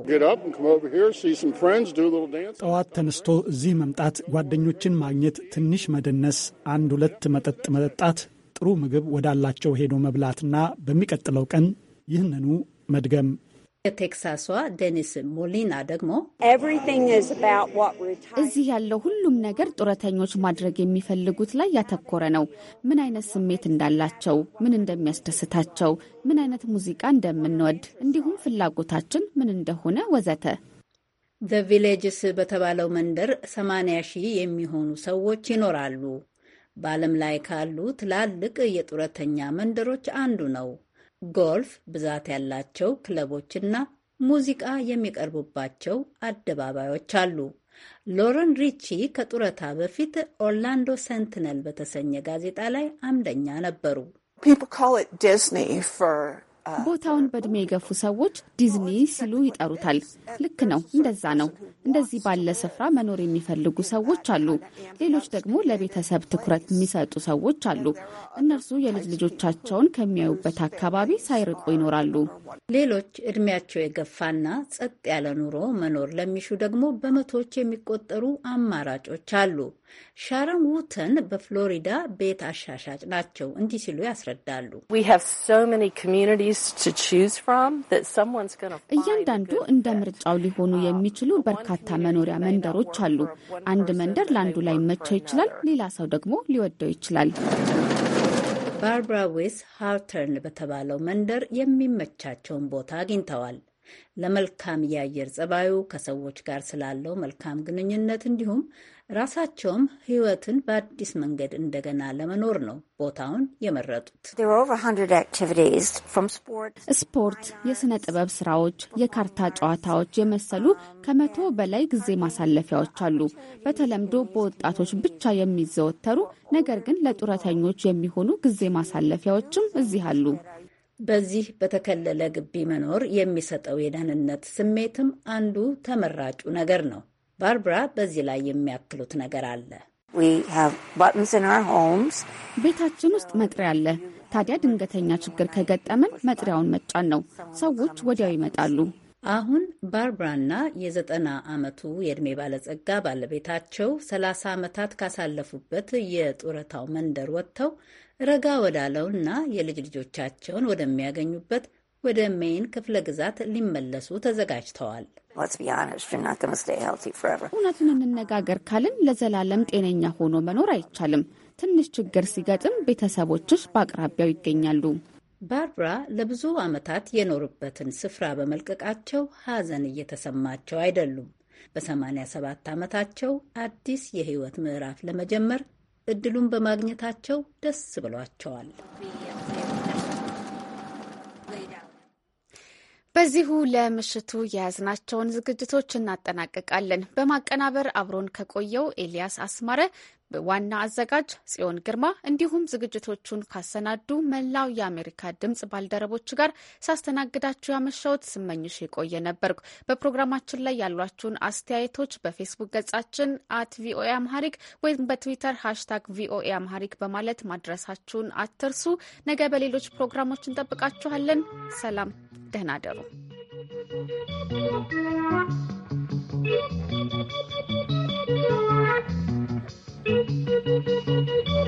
ጠዋት ተነስቶ እዚህ መምጣት፣ ጓደኞችን ማግኘት፣ ትንሽ መደነስ፣ አንድ ሁለት መጠጥ መጠጣት፣ ጥሩ ምግብ ወዳላቸው ሄዶ መብላትና በሚቀጥለው ቀን ይህንኑ መድገም የቴክሳሷ ዴኒስ ሞሊና ደግሞ እዚህ ያለው ሁሉም ነገር ጡረተኞች ማድረግ የሚፈልጉት ላይ ያተኮረ ነው። ምን አይነት ስሜት እንዳላቸው፣ ምን እንደሚያስደስታቸው፣ ምን አይነት ሙዚቃ እንደምንወድ፣ እንዲሁም ፍላጎታችን ምን እንደሆነ ወዘተ። ዘ ቪሌጅስ በተባለው መንደር 80 ሺህ የሚሆኑ ሰዎች ይኖራሉ። በዓለም ላይ ካሉ ትላልቅ የጡረተኛ መንደሮች አንዱ ነው። ጎልፍ፣ ብዛት ያላቸው ክለቦችና ሙዚቃ የሚቀርቡባቸው አደባባዮች አሉ። ሎረን ሪቺ ከጡረታ በፊት ኦርላንዶ ሴንትነል በተሰኘ ጋዜጣ ላይ አምደኛ ነበሩ። ቦታውን በእድሜ የገፉ ሰዎች ዲዝኒ ሲሉ ይጠሩታል። ልክ ነው፣ እንደዛ ነው። እንደዚህ ባለ ስፍራ መኖር የሚፈልጉ ሰዎች አሉ። ሌሎች ደግሞ ለቤተሰብ ትኩረት የሚሰጡ ሰዎች አሉ። እነርሱ የልጅ ልጆቻቸውን ከሚያዩበት አካባቢ ሳይርቁ ይኖራሉ። ሌሎች እድሜያቸው የገፋና ጸጥ ያለ ኑሮ መኖር ለሚሹ ደግሞ በመቶዎች የሚቆጠሩ አማራጮች አሉ። ሻረን ውተን በፍሎሪዳ ቤት አሻሻጭ ናቸው። እንዲህ ሲሉ ያስረዳሉ። እያንዳንዱ እንደ ምርጫው ሊሆኑ የሚችሉ በርካታ መኖሪያ መንደሮች አሉ። አንድ መንደር ለአንዱ ላይ መቸው ይችላል፣ ሌላ ሰው ደግሞ ሊወደው ይችላል። ባርብራ ዌስ ሃርተርን በተባለው መንደር የሚመቻቸውን ቦታ አግኝተዋል። ለመልካም የአየር ጸባዩ፣ ከሰዎች ጋር ስላለው መልካም ግንኙነት እንዲሁም ራሳቸውም ህይወትን በአዲስ መንገድ እንደገና ለመኖር ነው ቦታውን የመረጡት። ስፖርት፣ የሥነ ጥበብ ስራዎች፣ የካርታ ጨዋታዎች የመሰሉ ከመቶ በላይ ጊዜ ማሳለፊያዎች አሉ። በተለምዶ በወጣቶች ብቻ የሚዘወተሩ ነገር ግን ለጡረተኞች የሚሆኑ ጊዜ ማሳለፊያዎችም እዚህ አሉ። በዚህ በተከለለ ግቢ መኖር የሚሰጠው የደህንነት ስሜትም አንዱ ተመራጩ ነገር ነው። ባርብራ በዚህ ላይ የሚያክሉት ነገር አለ። ቤታችን ውስጥ መጥሪያ አለ። ታዲያ ድንገተኛ ችግር ከገጠመን መጥሪያውን መጫን ነው። ሰዎች ወዲያው ይመጣሉ። አሁን ባርብራና የዘጠና ዓመቱ የዕድሜ ባለጸጋ ባለቤታቸው ሰላሳ ዓመታት ካሳለፉበት የጡረታው መንደር ወጥተው ረጋ ወዳለውና የልጅ ልጆቻቸውን ወደሚያገኙበት ወደ ሜይን ክፍለ ግዛት ሊመለሱ ተዘጋጅተዋል። እውነቱን እንነጋገር ካልን ለዘላለም ጤነኛ ሆኖ መኖር አይቻልም። ትንሽ ችግር ሲገጥም ቤተሰቦችሽ በአቅራቢያው ይገኛሉ። ባርብራ ለብዙ ዓመታት የኖሩበትን ስፍራ በመልቀቃቸው ሐዘን እየተሰማቸው አይደሉም። በ87 ዓመታቸው አዲስ የህይወት ምዕራፍ ለመጀመር እድሉን በማግኘታቸው ደስ ብሏቸዋል። በዚሁ ለምሽቱ የያዝናቸውን ዝግጅቶች እናጠናቅቃለን። በማቀናበር አብሮን ከቆየው ኤልያስ አስማረ ዋና አዘጋጅ ጽዮን ግርማ እንዲሁም ዝግጅቶቹን ካሰናዱ መላው የአሜሪካ ድምጽ ባልደረቦች ጋር ሳስተናግዳችሁ ያመሻውት ስመኝሽ የቆየ ነበርኩ። በፕሮግራማችን ላይ ያሏችሁን አስተያየቶች በፌስቡክ ገጻችን አት ቪኦኤ አምሃሪክ ወይም በትዊተር ሃሽታግ ቪኦኤ አምሃሪክ በማለት ማድረሳችሁን አትርሱ። ነገ በሌሎች ፕሮግራሞች እንጠብቃችኋለን። ሰላም፣ ደህና ደሩ።